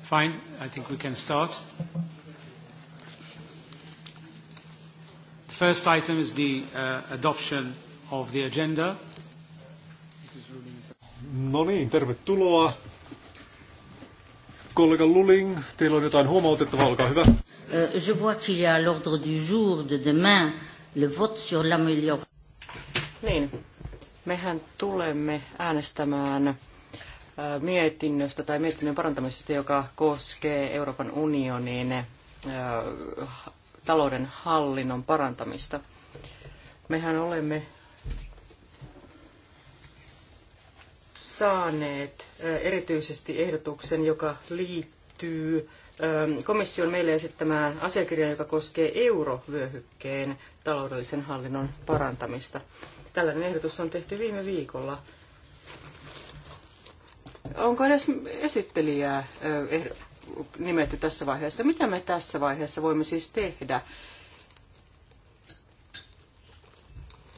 Fine, I think we can start. The first item is the uh, adoption of the agenda. No niin, tervetuloa. Kollega Luling, teillä on jotain huomautettavaa, olkaa hyvä. Euh, je vois qu'il y a à l'ordre du jour de demain le vote sur l'amélioration. Niin, mehän tulemme äänestämään mietinnöstä tai mietinnön parantamisesta, joka koskee Euroopan unionin talouden hallinnon parantamista. Mehän olemme saaneet erityisesti ehdotuksen, joka liittyy komission meille esittämään asiakirjaan, joka koskee eurovyöhykkeen taloudellisen hallinnon parantamista. Tällainen ehdotus on tehty viime viikolla Onko edes esittelijää eh, nimetty tässä vaiheessa? Mitä me tässä vaiheessa voimme siis tehdä?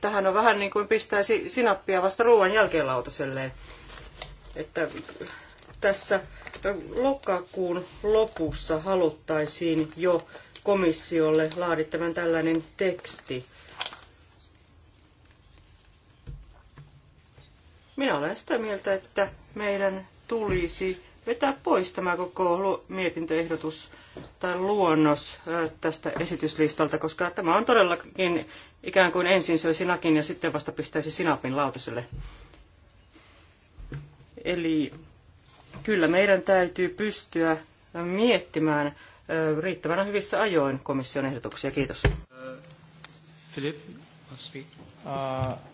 Tähän on vähän niin kuin pistäisi sinappia vasta ruoan jälkeen lautaselleen. Että tässä lokakuun lopussa haluttaisiin jo komissiolle laadittavan tällainen teksti – Minä olen sitä mieltä, että meidän tulisi vetää pois tämä koko mietintöehdotus tai luonnos tästä esityslistalta, koska tämä on todellakin ikään kuin ensin söi sinakin ja sitten vasta pistäisi sinapin lautaselle. Eli kyllä meidän täytyy pystyä miettimään riittävän hyvissä ajoin komission ehdotuksia. Kiitos. Uh, Philip, speak. Uh,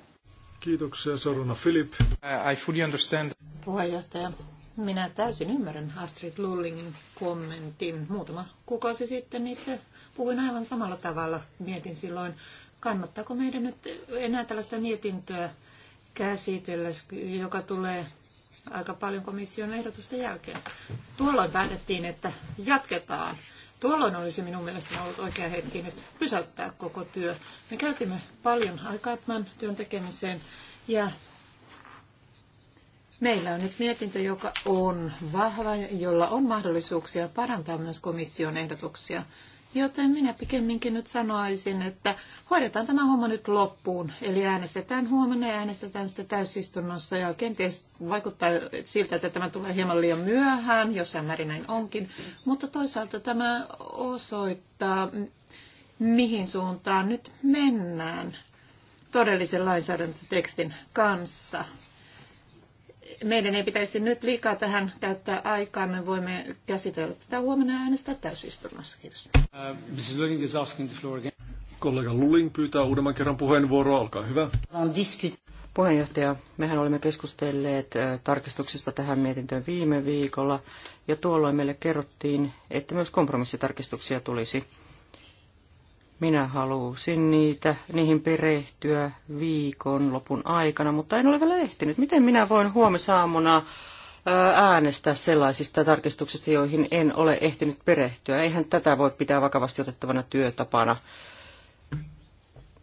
Kiitoksia, Filip. Uh, I fully understand. Puheenjohtaja, minä täysin ymmärrän Astrid Lullingin kommentin. Muutama kuukausi sitten itse puhuin aivan samalla tavalla. Mietin silloin, kannattaako meidän nyt enää tällaista mietintöä käsitellä, joka tulee aika paljon komission ehdotusten jälkeen. Tuolloin päätettiin, että jatketaan Tuolloin olisi minun mielestäni ollut oikea hetki nyt pysäyttää koko työ. Me käytimme paljon aikaa tämän työn tekemiseen ja meillä on nyt mietintö, joka on vahva, jolla on mahdollisuuksia parantaa myös komission ehdotuksia. Joten minä pikemminkin nyt sanoisin, että hoidetaan tämä homma nyt loppuun. Eli äänestetään huomenna ja äänestetään sitä täysistunnossa. Ja kenties vaikuttaa siltä, että tämä tulee hieman liian myöhään, jossain määrin näin onkin. Mutta toisaalta tämä osoittaa, mihin suuntaan nyt mennään todellisen lainsäädäntötekstin kanssa meidän ei pitäisi nyt liikaa tähän käyttää aikaa. Me voimme käsitellä tätä huomenna ja äänestää täysistunnossa. Kiitos. Uh, Kollega Luling pyytää uudemman kerran puheenvuoroa. Olkaa hyvä. Puheenjohtaja, mehän olemme keskustelleet tarkistuksista tähän mietintöön viime viikolla, ja tuolloin meille kerrottiin, että myös kompromissitarkistuksia tulisi. Minä halusin niitä, niihin perehtyä lopun aikana, mutta en ole vielä ehtinyt. Miten minä voin huomisaamuna äänestää sellaisista tarkistuksista, joihin en ole ehtinyt perehtyä? Eihän tätä voi pitää vakavasti otettavana työtapana.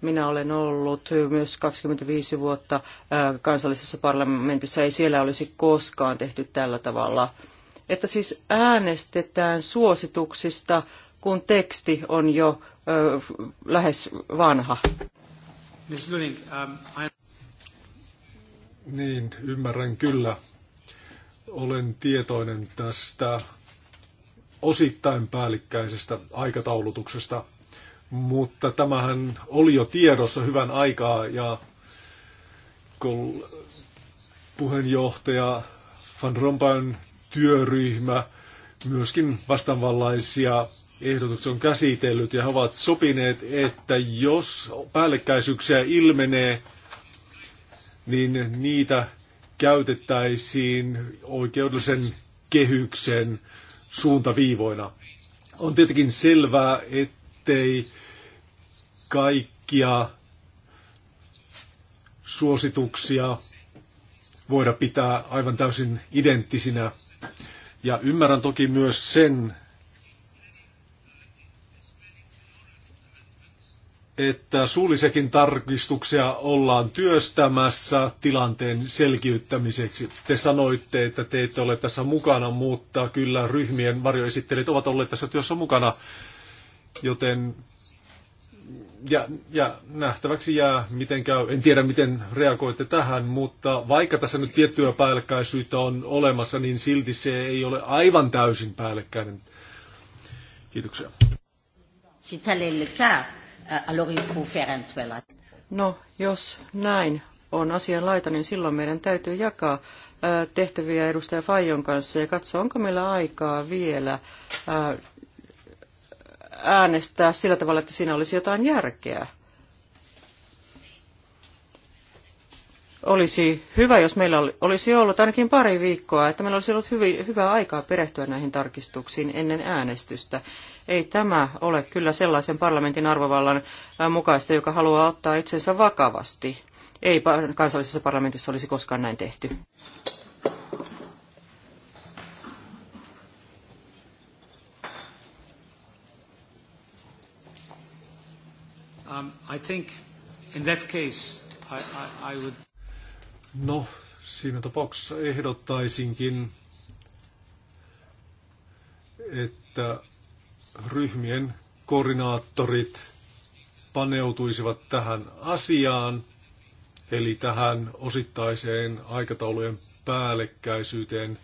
Minä olen ollut myös 25 vuotta kansallisessa parlamentissa. Ei siellä olisi koskaan tehty tällä tavalla. Että siis äänestetään suosituksista kun teksti on jo ö, lähes vanha. Miss Luling, um, niin, ymmärrän kyllä. Olen tietoinen tästä osittain päällikkäisestä aikataulutuksesta, mutta tämähän oli jo tiedossa hyvän aikaa ja kun puheenjohtaja Van Rompuyn työryhmä, myöskin vastaavanlaisia ehdotuksen käsitellyt ja he ovat sopineet, että jos päällekkäisyyksiä ilmenee, niin niitä käytettäisiin oikeudellisen kehyksen suuntaviivoina. On tietenkin selvää, ettei kaikkia suosituksia voida pitää aivan täysin identtisinä. Ja ymmärrän toki myös sen, että suullisiakin tarkistuksia ollaan työstämässä tilanteen selkiyttämiseksi. Te sanoitte, että te ette ole tässä mukana, mutta kyllä ryhmien varjoesittelijät ovat olleet tässä työssä mukana, joten ja, ja nähtäväksi jää, miten käy. En tiedä, miten reagoitte tähän, mutta vaikka tässä nyt tiettyä päällekkäisyyttä on olemassa, niin silti se ei ole aivan täysin päällekkäinen. Kiitoksia. Sitä lelkää. No, jos näin on asian laita, niin silloin meidän täytyy jakaa tehtäviä edustaja Fajon kanssa ja katsoa, onko meillä aikaa vielä äänestää sillä tavalla, että siinä olisi jotain järkeä. Olisi hyvä, jos meillä olisi ollut ainakin pari viikkoa, että meillä olisi ollut hyvin, hyvää aikaa perehtyä näihin tarkistuksiin ennen äänestystä. Ei tämä ole kyllä sellaisen parlamentin arvovallan äh, mukaista, joka haluaa ottaa itsensä vakavasti. Ei kansallisessa parlamentissa olisi koskaan näin tehty. Um, I think in that case I, I, I would... No, siinä tapauksessa ehdottaisinkin, että ryhmien koordinaattorit paneutuisivat tähän asiaan, eli tähän osittaiseen aikataulujen päällekkäisyyteen.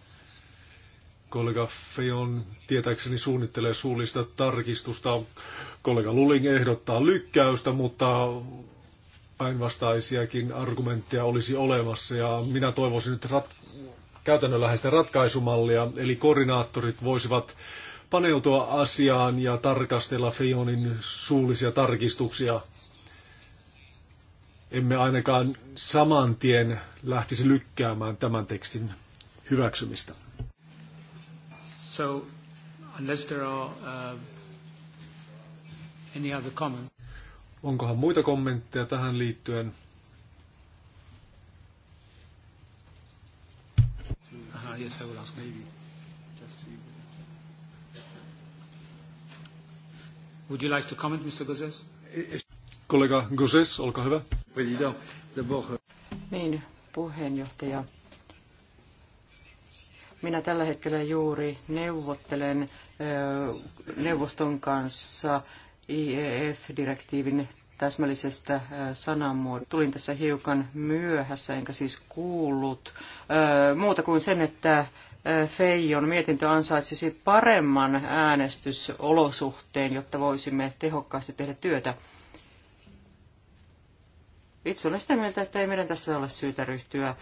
Kollega Feon tietääkseni suunnittelee suullista tarkistusta. Kollega Luling ehdottaa lykkäystä, mutta päinvastaisiakin argumentteja olisi olemassa. Ja minä toivoisin nyt rat- käytännönläheistä ratkaisumallia, eli koordinaattorit voisivat paneutua asiaan ja tarkastella Fionin suullisia tarkistuksia. Emme ainakaan saman tien lähtisi lykkäämään tämän tekstin hyväksymistä. So, unless there are, uh, any other comment. Onkohan muita kommentteja tähän liittyen? Uh-huh, yes, I will ask maybe. Would you like to comment, Mr. Kollega olkaa hyvä. President, euh, Niin, puheenjohtaja. Minä tällä hetkellä juuri neuvottelen neuvoston kanssa IEF-direktiivin täsmällisestä sanamuodosta. Tulin tässä hiukan myöhässä, enkä siis kuullut muuta kuin sen, että Feijon mietintö ansaitsisi paremman äänestysolosuhteen, jotta voisimme tehokkaasti tehdä työtä. Itse olen sitä mieltä, että ei meidän tässä ole syytä ryhtyä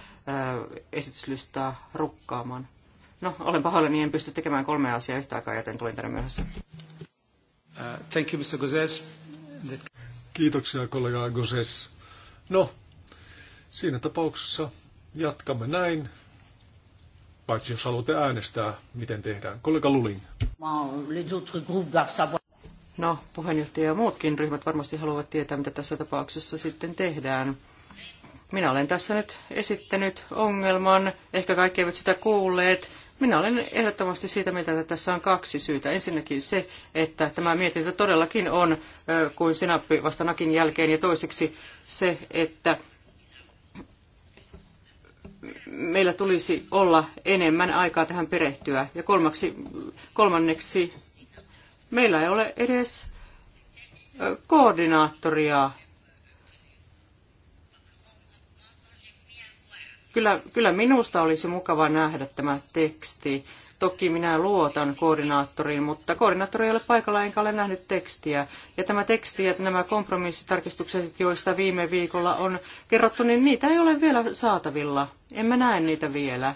esityslistaa rukkaamaan. No, olen pahoillani, en pysty tekemään kolmea asiaa yhtä aikaa, joten tulin tänne myöhässä. Uh, thank you, Mr. Gozes. Kiitoksia, kollega Gozes. No, siinä tapauksessa jatkamme näin paitsi jos haluatte äänestää, miten tehdään. Kollega Luling. No, puheenjohtaja ja muutkin ryhmät varmasti haluavat tietää, mitä tässä tapauksessa sitten tehdään. Minä olen tässä nyt esittänyt ongelman, ehkä kaikki eivät sitä kuulleet. Minä olen ehdottomasti siitä mieltä, että tässä on kaksi syytä. Ensinnäkin se, että tämä mietintö todellakin on kuin sinappi vasta nakin jälkeen, ja toiseksi se, että meillä tulisi olla enemmän aikaa tähän perehtyä. Ja kolmaksi, kolmanneksi, meillä ei ole edes koordinaattoria. Kyllä, kyllä minusta olisi mukava nähdä tämä teksti Toki minä luotan koordinaattoriin, mutta koordinaattori ei ole paikalla enkä ole nähnyt tekstiä. Ja tämä teksti ja nämä kompromissitarkistukset, joista viime viikolla on kerrottu, niin niitä ei ole vielä saatavilla. Emme näe niitä vielä.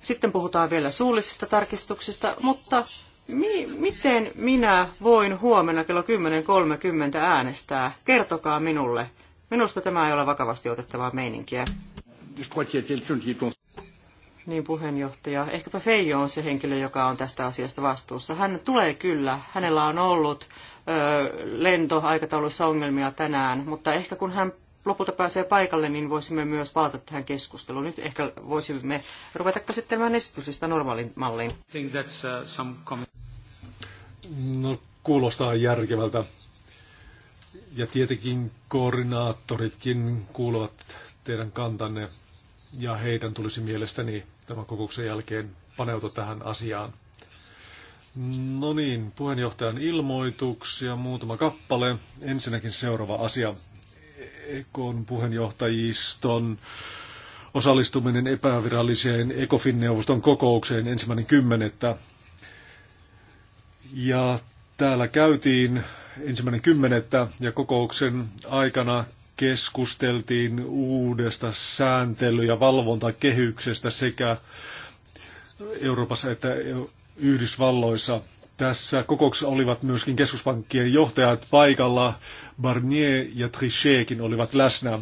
Sitten puhutaan vielä suullisista tarkistuksista, mutta mi- miten minä voin huomenna kello 10.30 äänestää? Kertokaa minulle. Minusta tämä ei ole vakavasti otettavaa meininkiä. Niin, puheenjohtaja. Ehkäpä Feijo on se henkilö, joka on tästä asiasta vastuussa. Hän tulee kyllä. Hänellä on ollut ö, lentoaikatauluissa ongelmia tänään, mutta ehkä kun hän lopulta pääsee paikalle, niin voisimme myös palata tähän keskusteluun. Nyt ehkä voisimme ruveta käsittelemään esityksistä normaaliin malliin. Uh, no, kuulostaa järkevältä. Ja tietenkin koordinaattoritkin kuuluvat teidän kantanne ja heidän tulisi mielestäni tämän kokouksen jälkeen paneutua tähän asiaan. No niin, puheenjohtajan ilmoituksia, muutama kappale. Ensinnäkin seuraava asia. Ekon puheenjohtajiston osallistuminen epäviralliseen ekofin neuvoston kokoukseen ensimmäinen kymmenettä. Ja täällä käytiin ensimmäinen kymmenettä ja kokouksen aikana keskusteltiin uudesta sääntely- ja valvontakehyksestä sekä Euroopassa että Yhdysvalloissa. Tässä kokouksessa olivat myöskin keskuspankkien johtajat paikalla. Barnier ja Trichetkin olivat läsnä.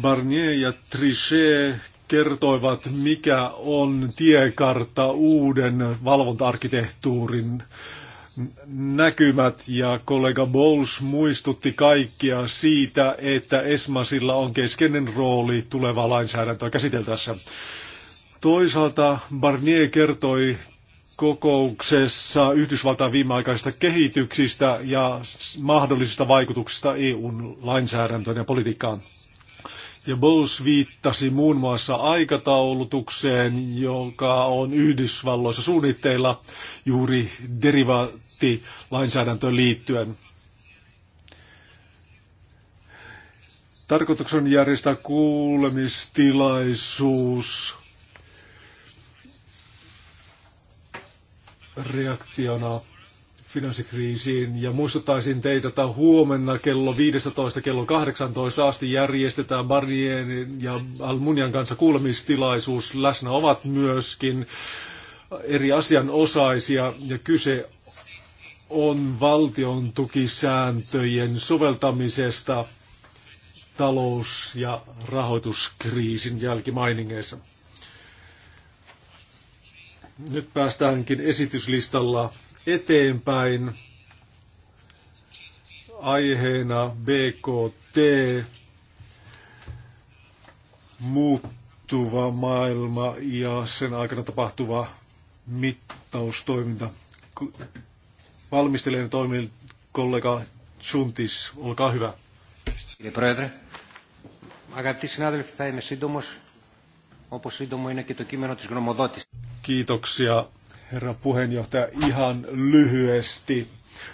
Barnier ja Trichet kertoivat, mikä on tiekartta uuden valvonta-arkkitehtuurin näkymät ja kollega Bowles muistutti kaikkia siitä, että Esmasilla on keskeinen rooli tulevaa lainsäädäntöä käsiteltäessä. Toisaalta Barnier kertoi kokouksessa Yhdysvaltain viimeaikaisista kehityksistä ja mahdollisista vaikutuksista EUn lainsäädäntöön ja politiikkaan. Ja Bowles viittasi muun muassa aikataulutukseen, joka on Yhdysvalloissa suunnitteilla juuri derivaattilainsäädäntöön liittyen. Tarkoituksen järjestää kuulemistilaisuus reaktiona finanssikriisiin ja muistuttaisin teitä, että huomenna kello 15 kello 18 asti järjestetään Barnierin ja Almunian kanssa kuulemistilaisuus. Läsnä ovat myöskin eri asianosaisia ja kyse on valtion tukisääntöjen soveltamisesta talous- ja rahoituskriisin jälkimainingeissa. Nyt päästäänkin esityslistalla eteenpäin aiheena BKT, muuttuva maailma ja sen aikana tapahtuva mittaustoiminta. Valmistelijan toimii kollega Tsuntis, olkaa hyvä. Kiitoksia herra puheenjohtaja, ihan lyhyesti.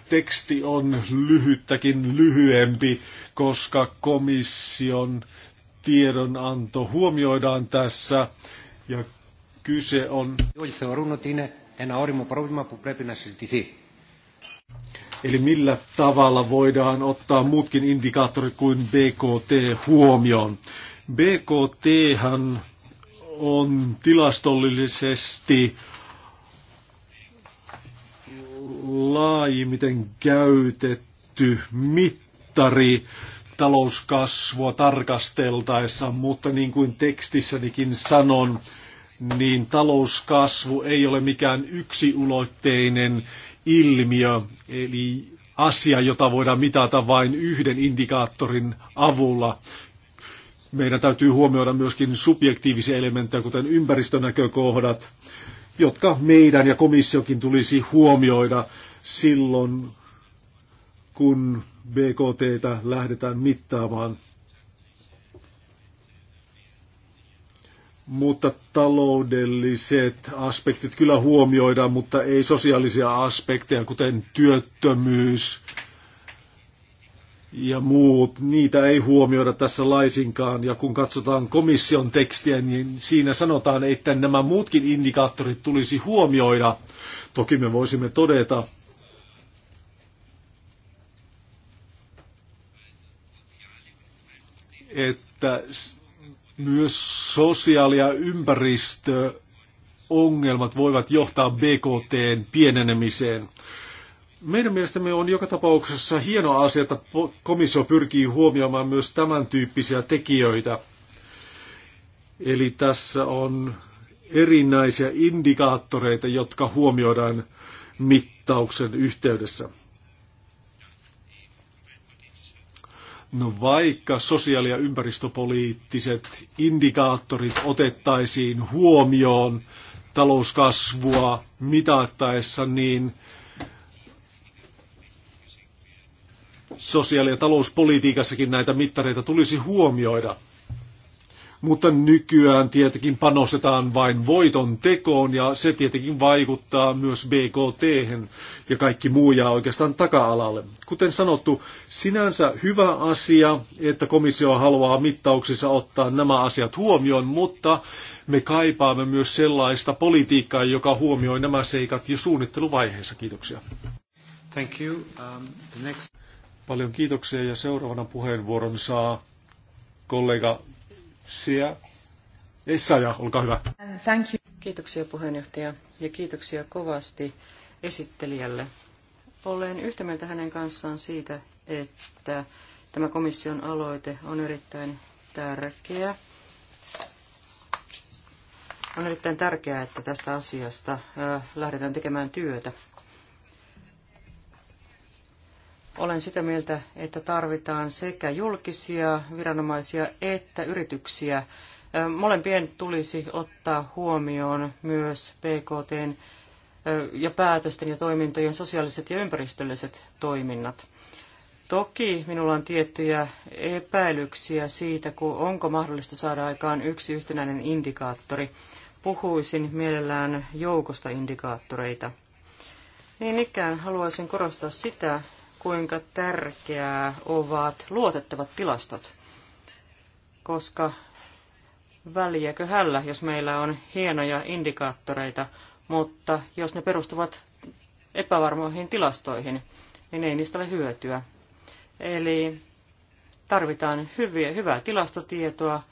Teksti on lyhyttäkin lyhyempi, koska komission tiedonanto huomioidaan tässä ja kyse on... Eli millä tavalla voidaan ottaa muutkin indikaattorit kuin BKT huomioon? BKT on tilastollisesti äh, laajimmiten käytetty mittari talouskasvua tarkasteltaessa, mutta niin kuin tekstissänikin sanon, niin talouskasvu ei ole mikään yksiulotteinen ilmiö, eli asia, jota voidaan mitata vain yhden indikaattorin avulla. Meidän täytyy huomioida myöskin subjektiivisia elementtejä, kuten ympäristönäkökohdat, jotka meidän ja komissiokin tulisi huomioida silloin, kun BKT lähdetään mittaamaan. Mutta taloudelliset aspektit kyllä huomioidaan, mutta ei sosiaalisia aspekteja, kuten työttömyys, ja muut, niitä ei huomioida tässä laisinkaan. Ja kun katsotaan komission tekstiä, niin siinä sanotaan, että nämä muutkin indikaattorit tulisi huomioida. Toki me voisimme todeta, että myös sosiaali- ja ympäristöongelmat voivat johtaa BKT pienenemiseen. Meidän mielestämme on joka tapauksessa hieno asia, että komissio pyrkii huomioimaan myös tämän tyyppisiä tekijöitä. Eli tässä on erinäisiä indikaattoreita, jotka huomioidaan mittauksen yhteydessä. No vaikka sosiaali- ja ympäristöpoliittiset indikaattorit otettaisiin huomioon talouskasvua mitattaessa, niin sosiaali- ja talouspolitiikassakin näitä mittareita tulisi huomioida. Mutta nykyään tietenkin panostetaan vain voiton tekoon ja se tietenkin vaikuttaa myös BKT ja kaikki muu jää oikeastaan taka-alalle. Kuten sanottu, sinänsä hyvä asia, että komissio haluaa mittauksissa ottaa nämä asiat huomioon, mutta me kaipaamme myös sellaista politiikkaa, joka huomioi nämä seikat jo suunnitteluvaiheessa. Kiitoksia. Thank you. Um, the next... Paljon kiitoksia ja seuraavana puheenvuoron saa kollega Sia Essaja, olkaa hyvä. Thank you. Kiitoksia puheenjohtaja ja kiitoksia kovasti esittelijälle. Olen yhtä mieltä hänen kanssaan siitä, että tämä komission aloite on erittäin tärkeä. On erittäin tärkeää, että tästä asiasta äh, lähdetään tekemään työtä. Olen sitä mieltä, että tarvitaan sekä julkisia viranomaisia että yrityksiä. Molempien tulisi ottaa huomioon myös PKTn ja päätösten ja toimintojen sosiaaliset ja ympäristölliset toiminnat. Toki minulla on tiettyjä epäilyksiä siitä, kun onko mahdollista saada aikaan yksi yhtenäinen indikaattori. Puhuisin mielellään joukosta indikaattoreita. Niin ikään haluaisin korostaa sitä, kuinka tärkeää ovat luotettavat tilastot, koska väliäkö hällä, jos meillä on hienoja indikaattoreita, mutta jos ne perustuvat epävarmoihin tilastoihin, niin ei niistä ole hyötyä. Eli tarvitaan hyviä, hyvää tilastotietoa,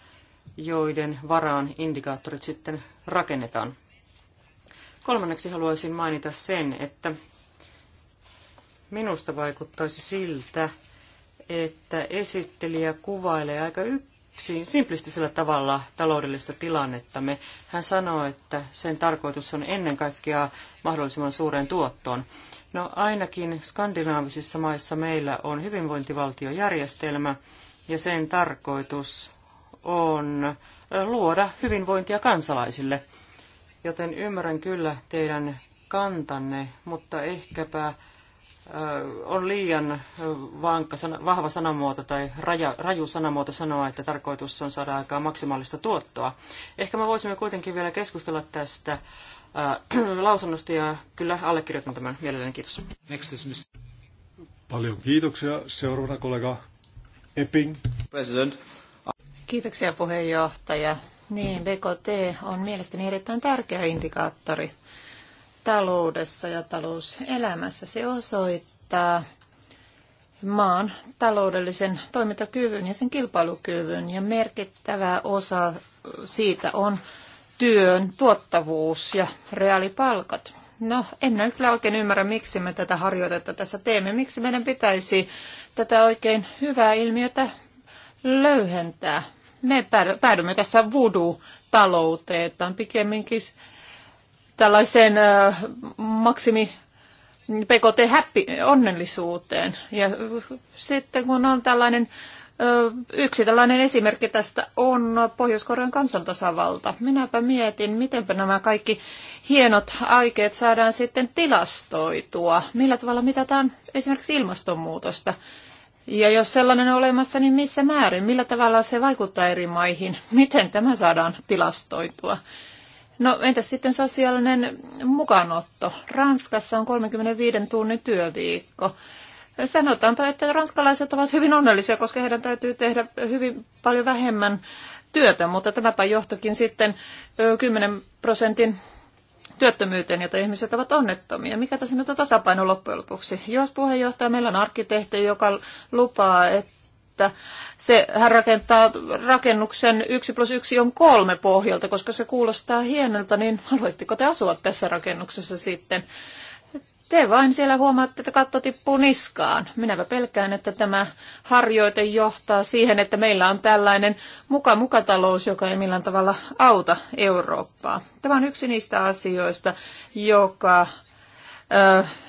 joiden varaan indikaattorit sitten rakennetaan. Kolmanneksi haluaisin mainita sen, että Minusta vaikuttaisi siltä, että esittelijä kuvailee aika yksin, simplistisellä tavalla taloudellista tilannettamme. Hän sanoo, että sen tarkoitus on ennen kaikkea mahdollisimman suureen tuottoon. No ainakin skandinaavisissa maissa meillä on hyvinvointivaltiojärjestelmä ja sen tarkoitus on luoda hyvinvointia kansalaisille. Joten ymmärrän kyllä teidän kantanne, mutta ehkäpä on liian vankka, vahva sanamuoto tai raja, raju sanamuoto sanoa, että tarkoitus on saada aikaan maksimaalista tuottoa. Ehkä me voisimme kuitenkin vielä keskustella tästä äh, lausunnosta ja kyllä allekirjoitan tämän mielelläni. Kiitos. Next Paljon kiitoksia. Seuraavana kollega Epping. President. Kiitoksia puheenjohtaja. Niin, BKT on mielestäni erittäin tärkeä indikaattori taloudessa ja talouselämässä. Se osoittaa maan taloudellisen toimintakyvyn ja sen kilpailukyvyn. Ja merkittävä osa siitä on työn tuottavuus ja reaalipalkat. No, en nyt kyllä oikein ymmärrä, miksi me tätä harjoitetta tässä teemme. Miksi meidän pitäisi tätä oikein hyvää ilmiötä löyhentää? Me päädymme tässä voodoo-talouteen, että on pikemminkin tällaiseen maksimi PKT häppi onnellisuuteen. Ja sitten kun on tällainen Yksi tällainen esimerkki tästä on Pohjois-Korean kansantasavalta. Minäpä mietin, mitenpä nämä kaikki hienot aikeet saadaan sitten tilastoitua. Millä tavalla mitataan esimerkiksi ilmastonmuutosta? Ja jos sellainen on olemassa, niin missä määrin? Millä tavalla se vaikuttaa eri maihin? Miten tämä saadaan tilastoitua? No entäs sitten sosiaalinen mukanotto? Ranskassa on 35 tunnin työviikko. Sanotaanpa, että ranskalaiset ovat hyvin onnellisia, koska heidän täytyy tehdä hyvin paljon vähemmän työtä, mutta tämäpä johtokin sitten 10 prosentin työttömyyteen, jota ihmiset ovat onnettomia. Mikä tässä nyt on tasapaino loppujen lopuksi? Jos puheenjohtaja meillä on arkkitehti, joka lupaa, että että se, hän rakentaa rakennuksen 1 plus 1 on kolme pohjalta, koska se kuulostaa hienolta, niin haluaisitteko te asua tässä rakennuksessa sitten? Te vain siellä huomaatte, että katto tippuu niskaan. Minäpä pelkään, että tämä harjoite johtaa siihen, että meillä on tällainen muka-mukatalous, joka ei millään tavalla auta Eurooppaa. Tämä on yksi niistä asioista, joka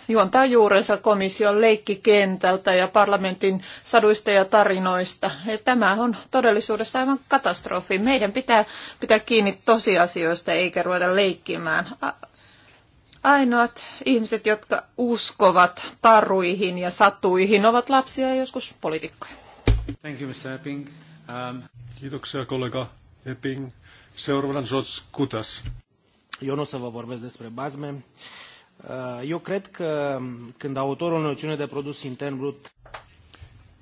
juontaa juurensa komission leikkikentältä ja parlamentin saduista ja tarinoista. Ja tämä on todellisuudessa aivan katastrofi. Meidän pitää pitää kiinni tosiasioista eikä ruveta leikkimään. Ainoat ihmiset, jotka uskovat taruihin ja satuihin, ovat lapsia ja joskus poliitikkoja. Thank you, Mr. Epping. Um... Kiitoksia, kollega Epping. Seuraavana George Kutas. Eu vorbesc despre bazme. Uh, eu cred că um, când autorul noțiune de produs intern brut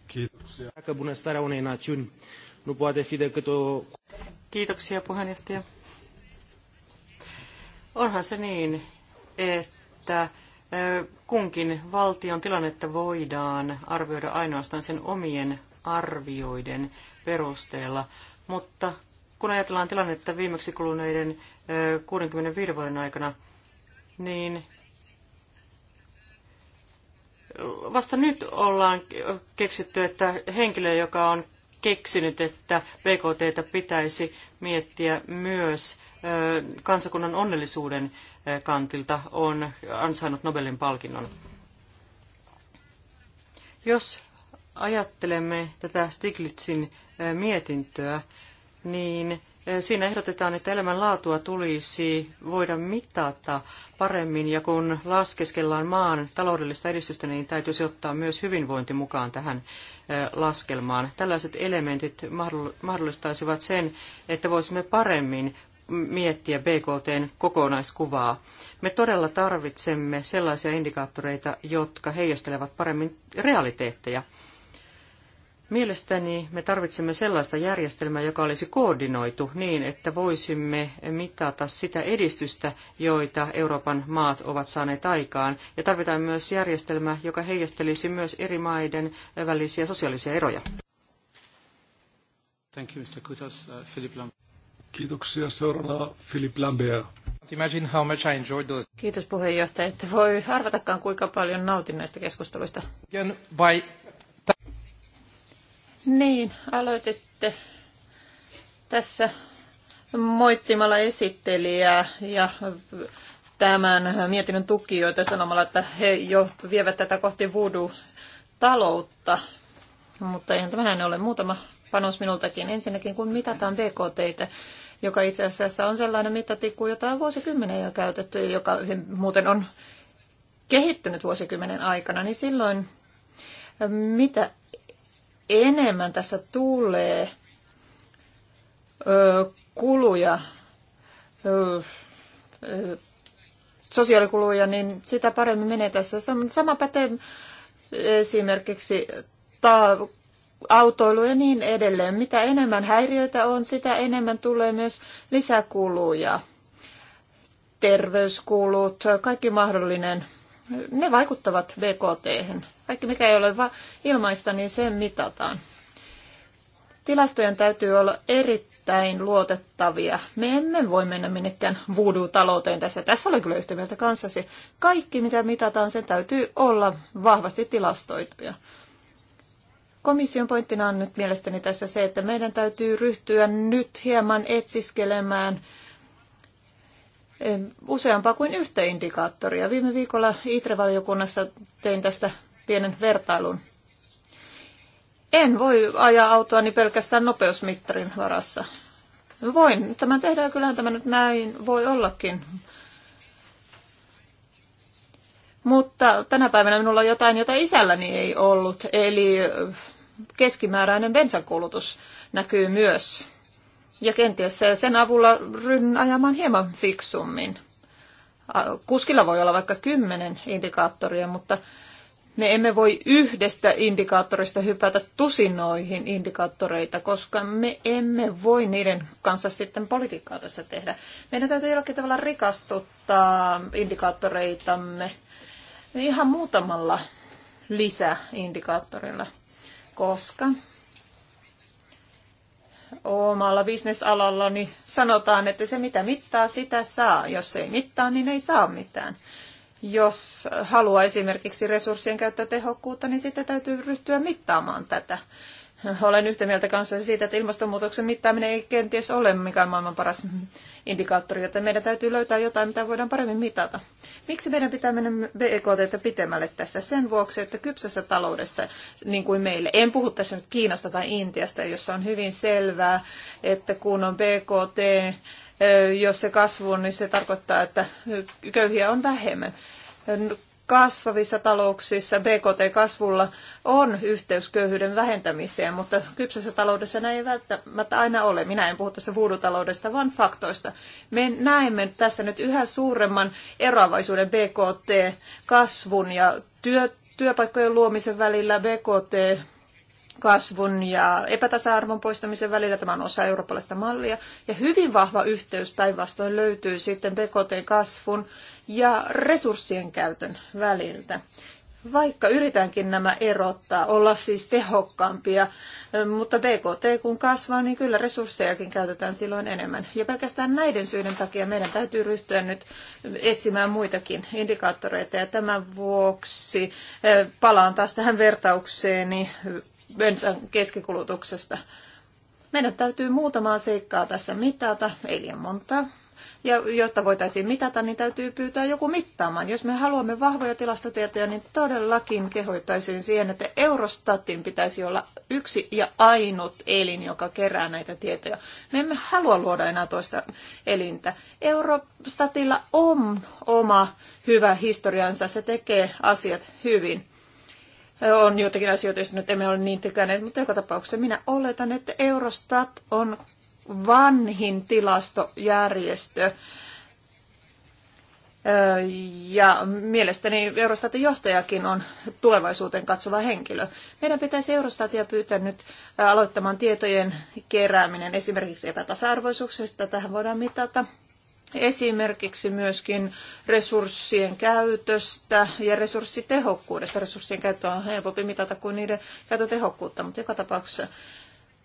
Kiitoksia. Dacă bunăstarea unei națiuni nu poate fi decât o... Kiitoksia puheenjohtaja. Onhan se niin, että uh, kunkin valtion tilannetta voidaan arvioida ainoastaan sen omien arvioiden perusteella, mutta kun ajatellaan tilannetta viimeksi kuluneiden 65 uh, vuoden aikana, niin vasta nyt ollaan keksitty, että henkilö, joka on keksinyt, että BKT pitäisi miettiä myös kansakunnan onnellisuuden kantilta, on ansainnut Nobelin palkinnon. Jos ajattelemme tätä Stiglitzin mietintöä, niin Siinä ehdotetaan, että elämänlaatua tulisi voida mitata paremmin ja kun laskeskellaan maan taloudellista edistystä, niin täytyisi ottaa myös hyvinvointi mukaan tähän laskelmaan. Tällaiset elementit mahdollistaisivat sen, että voisimme paremmin miettiä BKTn kokonaiskuvaa. Me todella tarvitsemme sellaisia indikaattoreita, jotka heijastelevat paremmin realiteetteja. Mielestäni me tarvitsemme sellaista järjestelmää, joka olisi koordinoitu niin, että voisimme mitata sitä edistystä, joita Euroopan maat ovat saaneet aikaan. Ja tarvitaan myös järjestelmä, joka heijastelisi myös eri maiden välisiä sosiaalisia eroja. Thank you, Mr. Kutas. Uh, Philip Kiitoksia. Seuraavana Philip Lambert. Imagine how much I enjoyed those. Kiitos puheenjohtaja. että voi arvatakaan, kuinka paljon nautin näistä keskusteluista. Again, by niin, aloititte tässä moittimalla esittelijää ja tämän mietinnön tukijoita sanomalla, että he jo vievät tätä kohti voodoo-taloutta. Mutta eihän tämä ole. Muutama panos minultakin. Ensinnäkin kun mitataan BKT, joka itse asiassa on sellainen mittatikku, jota on vuosikymmenen jo käytetty ja joka muuten on kehittynyt vuosikymmenen aikana, niin silloin mitä enemmän tässä tulee ö, kuluja, ö, ö, sosiaalikuluja, niin sitä paremmin menee tässä. Sama pätee esimerkiksi ta- autoilu ja niin edelleen. Mitä enemmän häiriöitä on, sitä enemmän tulee myös lisäkuluja, terveyskulut, kaikki mahdollinen – ne vaikuttavat BKT. hen. Kaikki mikä ei ole ilmaista, niin sen mitataan. Tilastojen täytyy olla erittäin luotettavia. Me emme voi mennä minnekään voodoo-talouteen tässä. Tässä oli kyllä yhtä mieltä kanssasi. Kaikki, mitä mitataan, sen täytyy olla vahvasti tilastoituja. Komission pointtina on nyt mielestäni tässä se, että meidän täytyy ryhtyä nyt hieman etsiskelemään – useampaa kuin yhtä indikaattoria. Viime viikolla ITRE-valiokunnassa tein tästä pienen vertailun. En voi ajaa autoani pelkästään nopeusmittarin varassa. Voin tämä tehdä kyllähän tämä nyt näin voi ollakin. Mutta tänä päivänä minulla on jotain, jota isälläni ei ollut, eli keskimääräinen bensakulutus näkyy myös ja kenties sen avulla ryhdyn ajamaan hieman fiksummin. Kuskilla voi olla vaikka kymmenen indikaattoria, mutta me emme voi yhdestä indikaattorista hypätä tusinoihin indikaattoreita, koska me emme voi niiden kanssa sitten politiikkaa tässä tehdä. Meidän täytyy jollakin tavalla rikastuttaa indikaattoreitamme ihan muutamalla lisäindikaattorilla, koska omalla bisnesalalla, niin sanotaan, että se mitä mittaa, sitä saa. Jos ei mittaa, niin ei saa mitään. Jos haluaa esimerkiksi resurssien käyttötehokkuutta, niin sitten täytyy ryhtyä mittaamaan tätä. Olen yhtä mieltä kanssasi siitä, että ilmastonmuutoksen mittaaminen ei kenties ole mikään maailman paras indikaattori, joten meidän täytyy löytää jotain, mitä voidaan paremmin mitata. Miksi meidän pitää mennä BKT e pitemmälle tässä? Sen vuoksi, että kypsässä taloudessa, niin kuin meille, en puhu tässä nyt Kiinasta tai Intiasta, jossa on hyvin selvää, että kun on BKT, e jos se kasvu on, niin se tarkoittaa, että köyhiä on vähemmän kasvavissa talouksissa BKT-kasvulla on yhteys köyhyyden vähentämiseen, mutta kypsässä taloudessa näin ei välttämättä aina ole. Minä en puhu tässä vuudutaloudesta, vaan faktoista. Me näemme tässä nyt yhä suuremman eroavaisuuden BKT-kasvun ja työ, työpaikkojen luomisen välillä BKT kasvun ja epätasa-arvon poistamisen välillä. Tämä on osa eurooppalaista mallia. Ja hyvin vahva yhteys päinvastoin löytyy sitten BKT-kasvun ja resurssien käytön väliltä. Vaikka yritänkin nämä erottaa, olla siis tehokkaampia, eh, mutta BKT kun kasvaa, niin kyllä resurssejakin käytetään silloin enemmän. Ja pelkästään näiden syiden takia meidän täytyy ryhtyä nyt etsimään muitakin indikaattoreita. Ja tämän vuoksi eh, palaan taas tähän vertaukseeni niin bensan keskikulutuksesta. Meidän täytyy muutamaa seikkaa tässä mitata, ei liian montaa. Ja jotta voitaisiin mitata, niin täytyy pyytää joku mittaamaan. Jos me haluamme vahvoja tilastotietoja, niin todellakin kehoittaisin siihen, että Eurostatin pitäisi olla yksi ja ainut elin, joka kerää näitä tietoja. Me emme halua luoda enää toista elintä. Eurostatilla on oma hyvä historiansa, se tekee asiat hyvin. On joitakin asioita, joista nyt emme ole niin tykänneet, mutta joka tapauksessa minä oletan, että Eurostat on vanhin tilastojärjestö. Ja mielestäni Eurostatin johtajakin on tulevaisuuteen katsova henkilö. Meidän pitäisi Eurostatia pyytää nyt aloittamaan tietojen kerääminen esimerkiksi epätasa-arvoisuuksista. Tähän voidaan mitata esimerkiksi myöskin resurssien käytöstä ja resurssitehokkuudesta. Resurssien käyttö on helpompi mitata kuin niiden käytötehokkuutta, mutta joka tapauksessa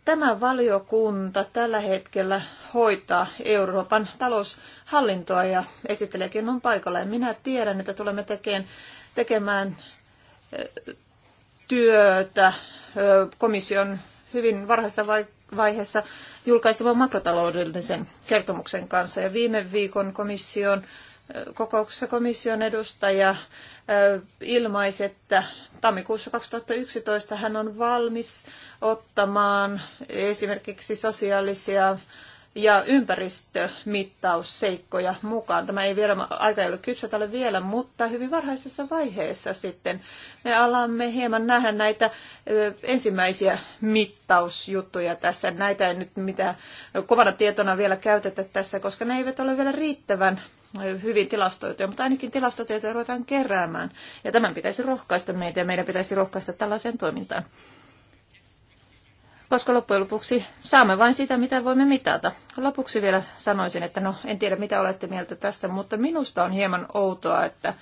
tämä valiokunta tällä hetkellä hoitaa Euroopan taloushallintoa ja esittelijäkin on paikalla. Ja minä tiedän, että tulemme tekemään, tekemään työtä komission hyvin varhaisessa vai, vaiheessa julkaisevan makrotaloudellisen kertomuksen kanssa. Ja viime viikon komission kokouksessa komission edustaja ilmaisi, että tammikuussa 2011 hän on valmis ottamaan esimerkiksi sosiaalisia ja ympäristömittausseikkoja mukaan. Tämä ei vielä, aika ei ole kypsä tälle vielä, mutta hyvin varhaisessa vaiheessa sitten me alamme hieman nähdä näitä ensimmäisiä mittausjuttuja tässä. Näitä ei nyt mitään kovana tietona vielä käytetä tässä, koska ne eivät ole vielä riittävän hyvin tilastoituja, mutta ainakin tilastotietoja ruvetaan keräämään. Ja tämän pitäisi rohkaista meitä ja meidän pitäisi rohkaista tällaiseen toimintaan koska loppujen lopuksi saamme vain sitä, mitä voimme mitata. Lopuksi vielä sanoisin, että no en tiedä mitä olette mieltä tästä, mutta minusta on hieman outoa, että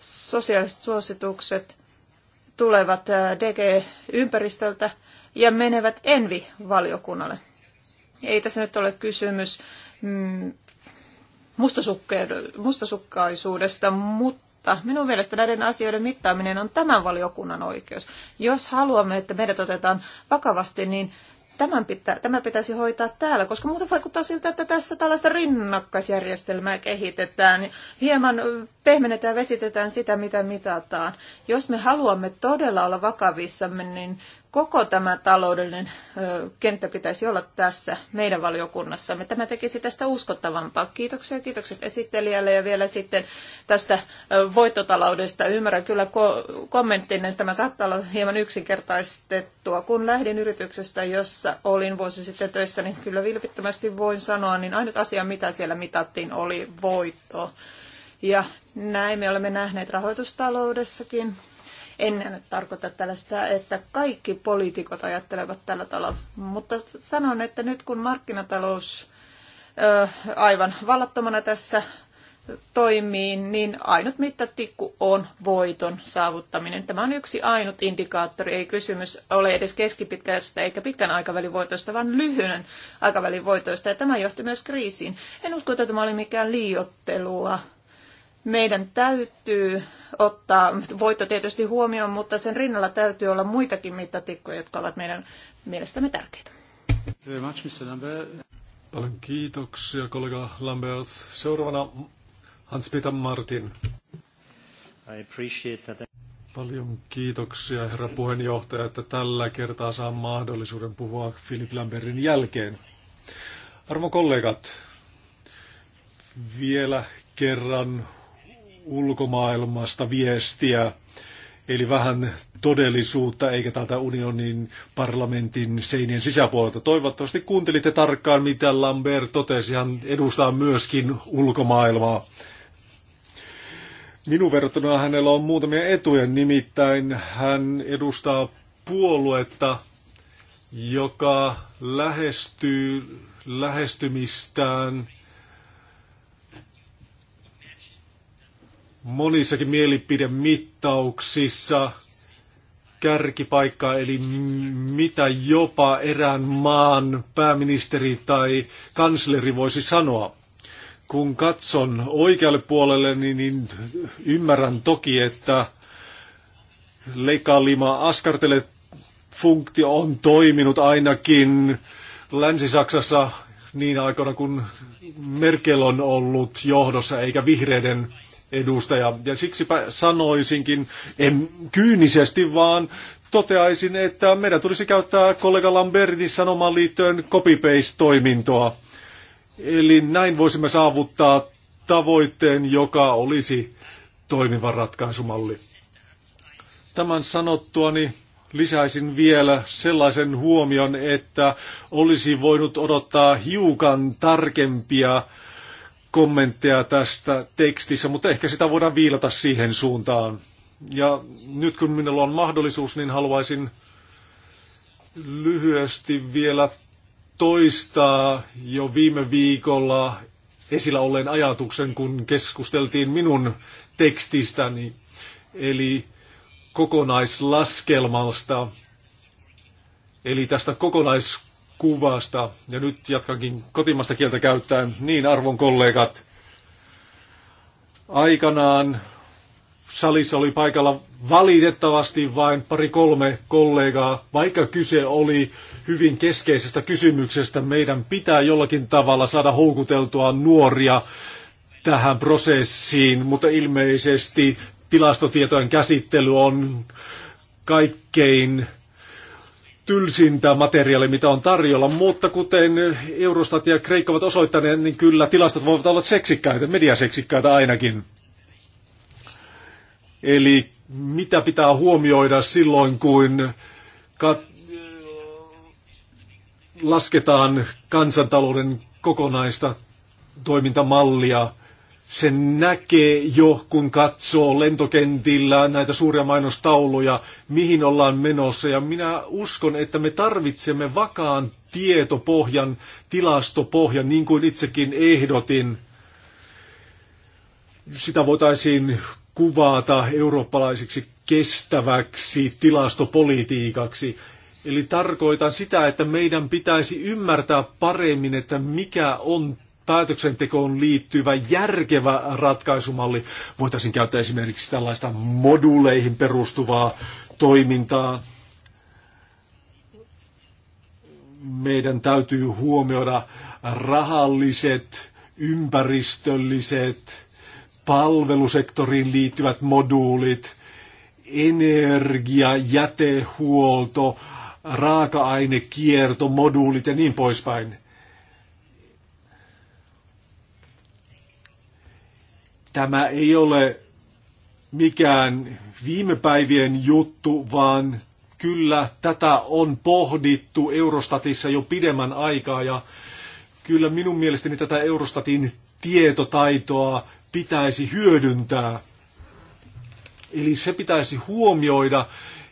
sosiaaliset suositukset tulevat äh, DG-ympäristöltä ja menevät Envi-valiokunnalle. Ei tässä nyt ole kysymys mm, mustasukkaisuudesta, mutta mutta minun mielestä näiden asioiden mittaaminen on tämän valiokunnan oikeus. Jos haluamme, että meidät otetaan vakavasti, niin tämän pitä, tämä pitäisi hoitaa täällä, koska muuten vaikuttaa siltä, että tässä tällaista rinnakkaisjärjestelmää kehitetään. Hieman pehmenetään, ja vesitetään sitä, mitä mitataan. Jos me haluamme todella olla vakavissamme, niin koko tämä taloudellinen kenttä pitäisi olla tässä meidän valiokunnassamme. Tämä tekisi tästä uskottavampaa. Kiitoksia, kiitokset esittelijälle ja vielä sitten tästä voittotaloudesta. Ymmärrän kyllä ko- että tämä saattaa olla hieman yksinkertaistettua. Kun lähdin yrityksestä, jossa olin vuosi sitten töissä, niin kyllä vilpittömästi voin sanoa, niin ainut asia, mitä siellä mitattiin, oli voitto. Ja näin me olemme nähneet rahoitustaloudessakin en tarkoita tällaista, että kaikki poliitikot ajattelevat tällä tavalla, mutta sanon, että nyt kun markkinatalous aivan vallattomana tässä toimii, niin ainut mittatikku on voiton saavuttaminen. Tämä on yksi ainut indikaattori, ei kysymys ole edes keskipitkästä eikä pitkän aikavälin voitoista, vaan lyhyen aikavälin voitoista, ja tämä johti myös kriisiin. En usko, että tämä oli mikään liiottelua meidän täytyy ottaa voitto tietysti huomioon, mutta sen rinnalla täytyy olla muitakin mittatikkoja, jotka ovat meidän mielestämme tärkeitä. Paljon kiitoksia kollega Lambert. Seuraavana Hans-Peter Martin. I appreciate that. Paljon kiitoksia herra puheenjohtaja, että tällä kertaa saan mahdollisuuden puhua Philip Lambertin jälkeen. Arvo kollegat, vielä kerran ulkomaailmasta viestiä, eli vähän todellisuutta, eikä täältä unionin parlamentin seinien sisäpuolelta. Toivottavasti kuuntelitte tarkkaan, mitä Lambert totesi. Hän edustaa myöskin ulkomaailmaa. Minun verrattuna hänellä on muutamia etuja, nimittäin hän edustaa puoluetta, joka lähestyy lähestymistään – monissakin mielipidemittauksissa kärkipaikkaa, eli mitä jopa erään maan pääministeri tai kansleri voisi sanoa. Kun katson oikealle puolelle, niin, niin ymmärrän toki, että leikallima askartele funktio on toiminut ainakin Länsi-Saksassa niin aikoina, kun Merkel on ollut johdossa, eikä vihreiden edustaja. Ja siksipä sanoisinkin, en kyynisesti, vaan toteaisin, että meidän tulisi käyttää kollega Lambertin sanomaan liittyen copy-paste-toimintoa. Eli näin voisimme saavuttaa tavoitteen, joka olisi toimiva ratkaisumalli. Tämän sanottuani lisäisin vielä sellaisen huomion, että olisi voinut odottaa hiukan tarkempia kommentteja tästä tekstissä, mutta ehkä sitä voidaan viilata siihen suuntaan. Ja nyt kun minulla on mahdollisuus, niin haluaisin lyhyesti vielä toistaa jo viime viikolla esillä olleen ajatuksen, kun keskusteltiin minun tekstistäni, eli kokonaislaskelmasta, eli tästä kokonaiskuva kuvasta. Ja nyt jatkankin kotimasta kieltä käyttäen. Niin, arvon kollegat, aikanaan salissa oli paikalla valitettavasti vain pari-kolme kollegaa, vaikka kyse oli hyvin keskeisestä kysymyksestä. Meidän pitää jollakin tavalla saada houkuteltua nuoria tähän prosessiin, mutta ilmeisesti tilastotietojen käsittely on kaikkein tylsintä materiaalia, mitä on tarjolla, mutta kuten Eurostat ja Kreikka ovat osoittaneet, niin kyllä tilastot voivat olla seksikkäitä, mediaseksikkäitä ainakin. Eli mitä pitää huomioida silloin, kun kat- lasketaan kansantalouden kokonaista toimintamallia – sen näkee jo, kun katsoo lentokentillä näitä suuria mainostauluja, mihin ollaan menossa. Ja minä uskon, että me tarvitsemme vakaan tietopohjan, tilastopohjan, niin kuin itsekin ehdotin. Sitä voitaisiin kuvata eurooppalaisiksi kestäväksi tilastopolitiikaksi. Eli tarkoitan sitä, että meidän pitäisi ymmärtää paremmin, että mikä on päätöksentekoon liittyvä järkevä ratkaisumalli. Voitaisiin käyttää esimerkiksi tällaista moduleihin perustuvaa toimintaa. Meidän täytyy huomioida rahalliset, ympäristölliset, palvelusektoriin liittyvät moduulit, energia, jätehuolto, raaka-ainekierto, moduulit ja niin poispäin. Tämä ei ole mikään viime päivien juttu, vaan kyllä tätä on pohdittu Eurostatissa jo pidemmän aikaa ja kyllä minun mielestäni tätä Eurostatin tietotaitoa pitäisi hyödyntää. Eli se pitäisi huomioida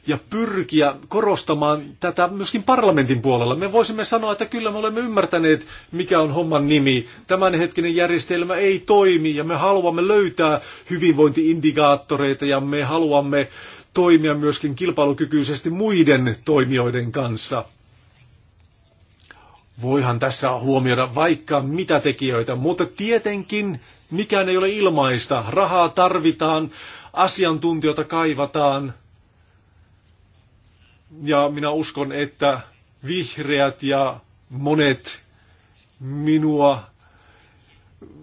ja pyrkiä korostamaan tätä myöskin parlamentin puolella. Me voisimme sanoa, että kyllä me olemme ymmärtäneet, mikä on homman nimi. Tämänhetkinen järjestelmä ei toimi ja me haluamme löytää hyvinvointiindikaattoreita ja me haluamme toimia myöskin kilpailukykyisesti muiden toimijoiden kanssa. Voihan tässä huomioida vaikka mitä tekijöitä, mutta tietenkin mikään ei ole ilmaista. Rahaa tarvitaan, asiantuntijoita kaivataan, ja minä uskon, että vihreät ja monet minua,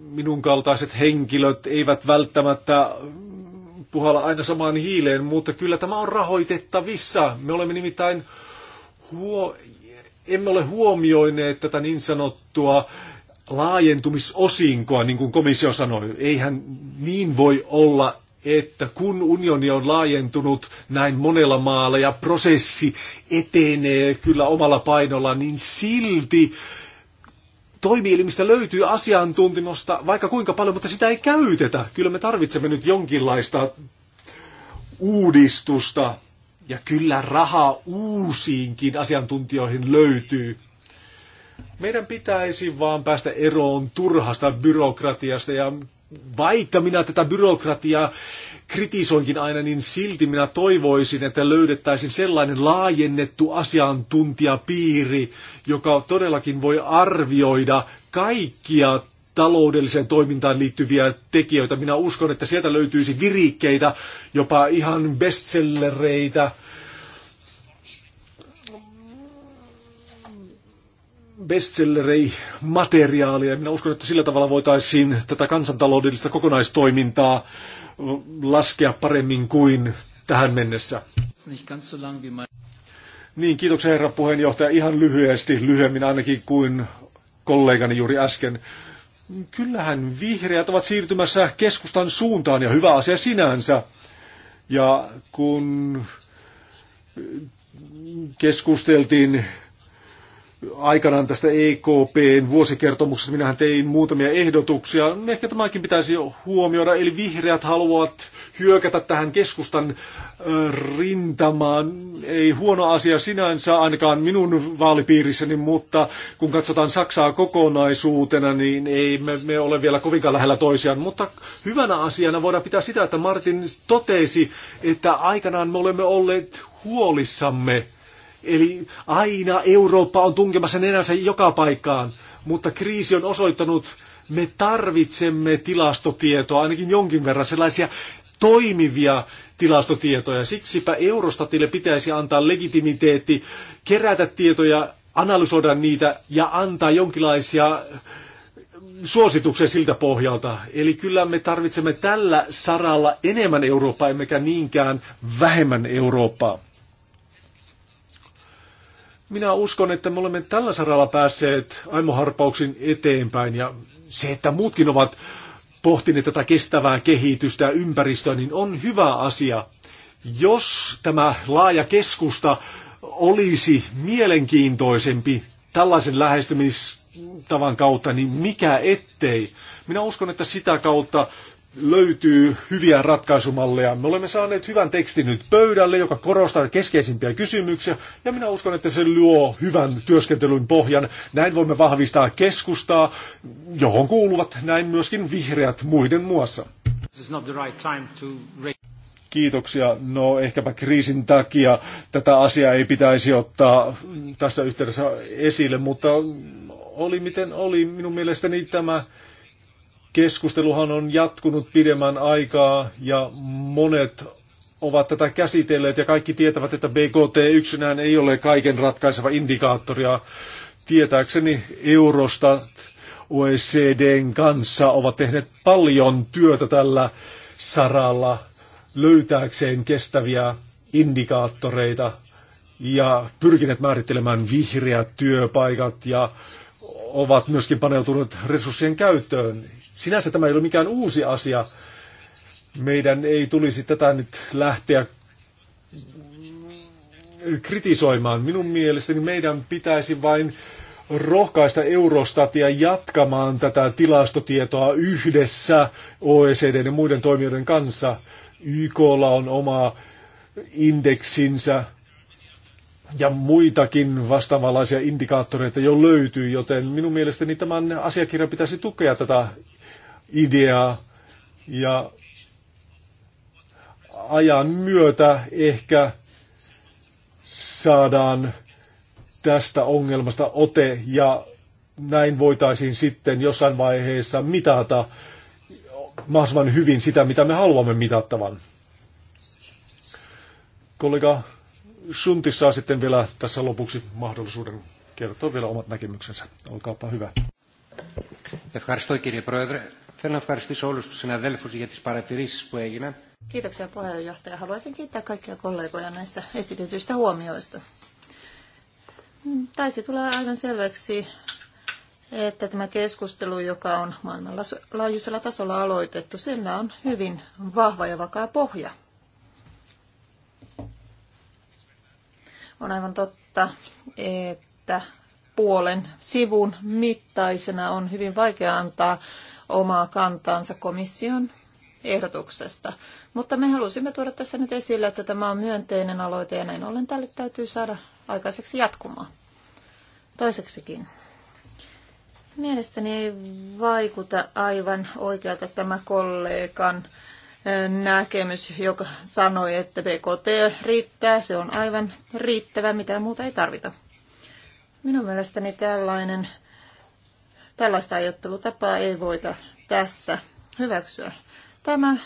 minun kaltaiset henkilöt eivät välttämättä puhalla aina samaan hiileen, mutta kyllä tämä on rahoitettavissa. Me olemme nimittäin huo, emme ole huomioineet tätä niin sanottua laajentumisosinkoa, niin kuin komissio sanoi. Eihän niin voi olla, että kun unioni on laajentunut näin monella maalla ja prosessi etenee kyllä omalla painolla, niin silti toimielimistä löytyy asiantuntimosta vaikka kuinka paljon, mutta sitä ei käytetä. Kyllä me tarvitsemme nyt jonkinlaista uudistusta ja kyllä raha uusiinkin asiantuntijoihin löytyy. Meidän pitäisi vaan päästä eroon turhasta byrokratiasta ja vaikka minä tätä byrokratiaa kritisoinkin aina, niin silti minä toivoisin, että löydettäisiin sellainen laajennettu asiantuntijapiiri, joka todellakin voi arvioida kaikkia taloudelliseen toimintaan liittyviä tekijöitä. Minä uskon, että sieltä löytyisi virikkeitä, jopa ihan bestsellereitä, bestselleri-materiaalia. Minä uskon, että sillä tavalla voitaisiin tätä kansantaloudellista kokonaistoimintaa laskea paremmin kuin tähän mennessä. Niin, kiitoksia herra puheenjohtaja. Ihan lyhyesti, lyhyemmin ainakin kuin kollegani juuri äsken. Kyllähän vihreät ovat siirtymässä keskustan suuntaan ja hyvä asia sinänsä. Ja kun keskusteltiin aikanaan tästä EKPn vuosikertomuksesta. Minähän tein muutamia ehdotuksia. Ehkä tämäkin pitäisi huomioida. Eli vihreät haluavat hyökätä tähän keskustan rintamaan. Ei huono asia sinänsä, ainakaan minun vaalipiirissäni, mutta kun katsotaan Saksaa kokonaisuutena, niin ei me, me ole vielä kovinkaan lähellä toisiaan. Mutta hyvänä asiana voidaan pitää sitä, että Martin totesi, että aikanaan me olemme olleet huolissamme – Eli aina Eurooppa on tunkemassa nenänsä joka paikkaan, mutta kriisi on osoittanut, me tarvitsemme tilastotietoa, ainakin jonkin verran sellaisia toimivia tilastotietoja. Siksipä Eurostatille pitäisi antaa legitimiteetti, kerätä tietoja, analysoida niitä ja antaa jonkinlaisia suosituksia siltä pohjalta. Eli kyllä me tarvitsemme tällä saralla enemmän Eurooppaa, emmekä niinkään vähemmän Eurooppaa. Minä uskon, että me olemme tällä saralla päässeet aimoharpauksin eteenpäin ja se, että muutkin ovat pohtineet tätä kestävää kehitystä ja ympäristöä, niin on hyvä asia. Jos tämä laaja keskusta olisi mielenkiintoisempi tällaisen lähestymistavan kautta, niin mikä ettei. Minä uskon, että sitä kautta löytyy hyviä ratkaisumalleja. Me olemme saaneet hyvän tekstin nyt pöydälle, joka korostaa keskeisimpiä kysymyksiä, ja minä uskon, että se luo hyvän työskentelyn pohjan. Näin voimme vahvistaa keskustaa, johon kuuluvat näin myöskin vihreät muiden muassa. Kiitoksia. No ehkäpä kriisin takia tätä asiaa ei pitäisi ottaa tässä yhteydessä esille, mutta oli miten oli minun mielestäni tämä Keskusteluhan on jatkunut pidemmän aikaa ja monet ovat tätä käsitelleet ja kaikki tietävät, että BKT yksinään ei ole kaiken ratkaiseva indikaattori ja tietääkseni eurosta OECDn kanssa ovat tehneet paljon työtä tällä saralla löytääkseen kestäviä indikaattoreita ja pyrkineet määrittelemään vihreät työpaikat ja ovat myöskin paneutuneet resurssien käyttöön. Sinänsä tämä ei ole mikään uusi asia. Meidän ei tulisi tätä nyt lähteä kritisoimaan. Minun mielestäni meidän pitäisi vain rohkaista Eurostatia jatkamaan tätä tilastotietoa yhdessä OECD ja muiden toimijoiden kanssa. YKlla on oma indeksinsä ja muitakin vastaavanlaisia indikaattoreita jo löytyy, joten minun mielestäni tämän asiakirjan pitäisi tukea tätä idea ja ajan myötä ehkä saadaan tästä ongelmasta ote ja näin voitaisiin sitten jossain vaiheessa mitata mahdollisimman hyvin sitä, mitä me haluamme mitattavan. Kollega Suntis saa sitten vielä tässä lopuksi mahdollisuuden kertoa vielä omat näkemyksensä. Olkaapa hyvä. Ευχαριστώ κύριε Πρόεδρε. Θέλω να ευχαριστήσω όλους τους συναδέλφους για τις παρατηρήσεις που έγιναν. Kiitoksia puheenjohtaja. Haluaisin kiittää kaikkia kollegoja näistä esitetyistä huomioista. Taisi tulla aivan selväksi, että tämä keskustelu, joka on maailmanlaajuisella tasolla aloitettu, sillä on hyvin vahva ja vakaa pohja. On aivan totta, että puolen sivun mittaisena on hyvin vaikea antaa omaa kantaansa komission ehdotuksesta. Mutta me halusimme tuoda tässä nyt esille, että tämä on myönteinen aloite ja näin ollen tälle täytyy saada aikaiseksi jatkumaan. Toiseksikin. Mielestäni ei vaikuta aivan oikealta tämä kollegan näkemys, joka sanoi, että BKT riittää, se on aivan riittävä, mitä muuta ei tarvita. Minun mielestäni tällainen Tällaista ajattelutapaa ei voita tässä hyväksyä. Tämä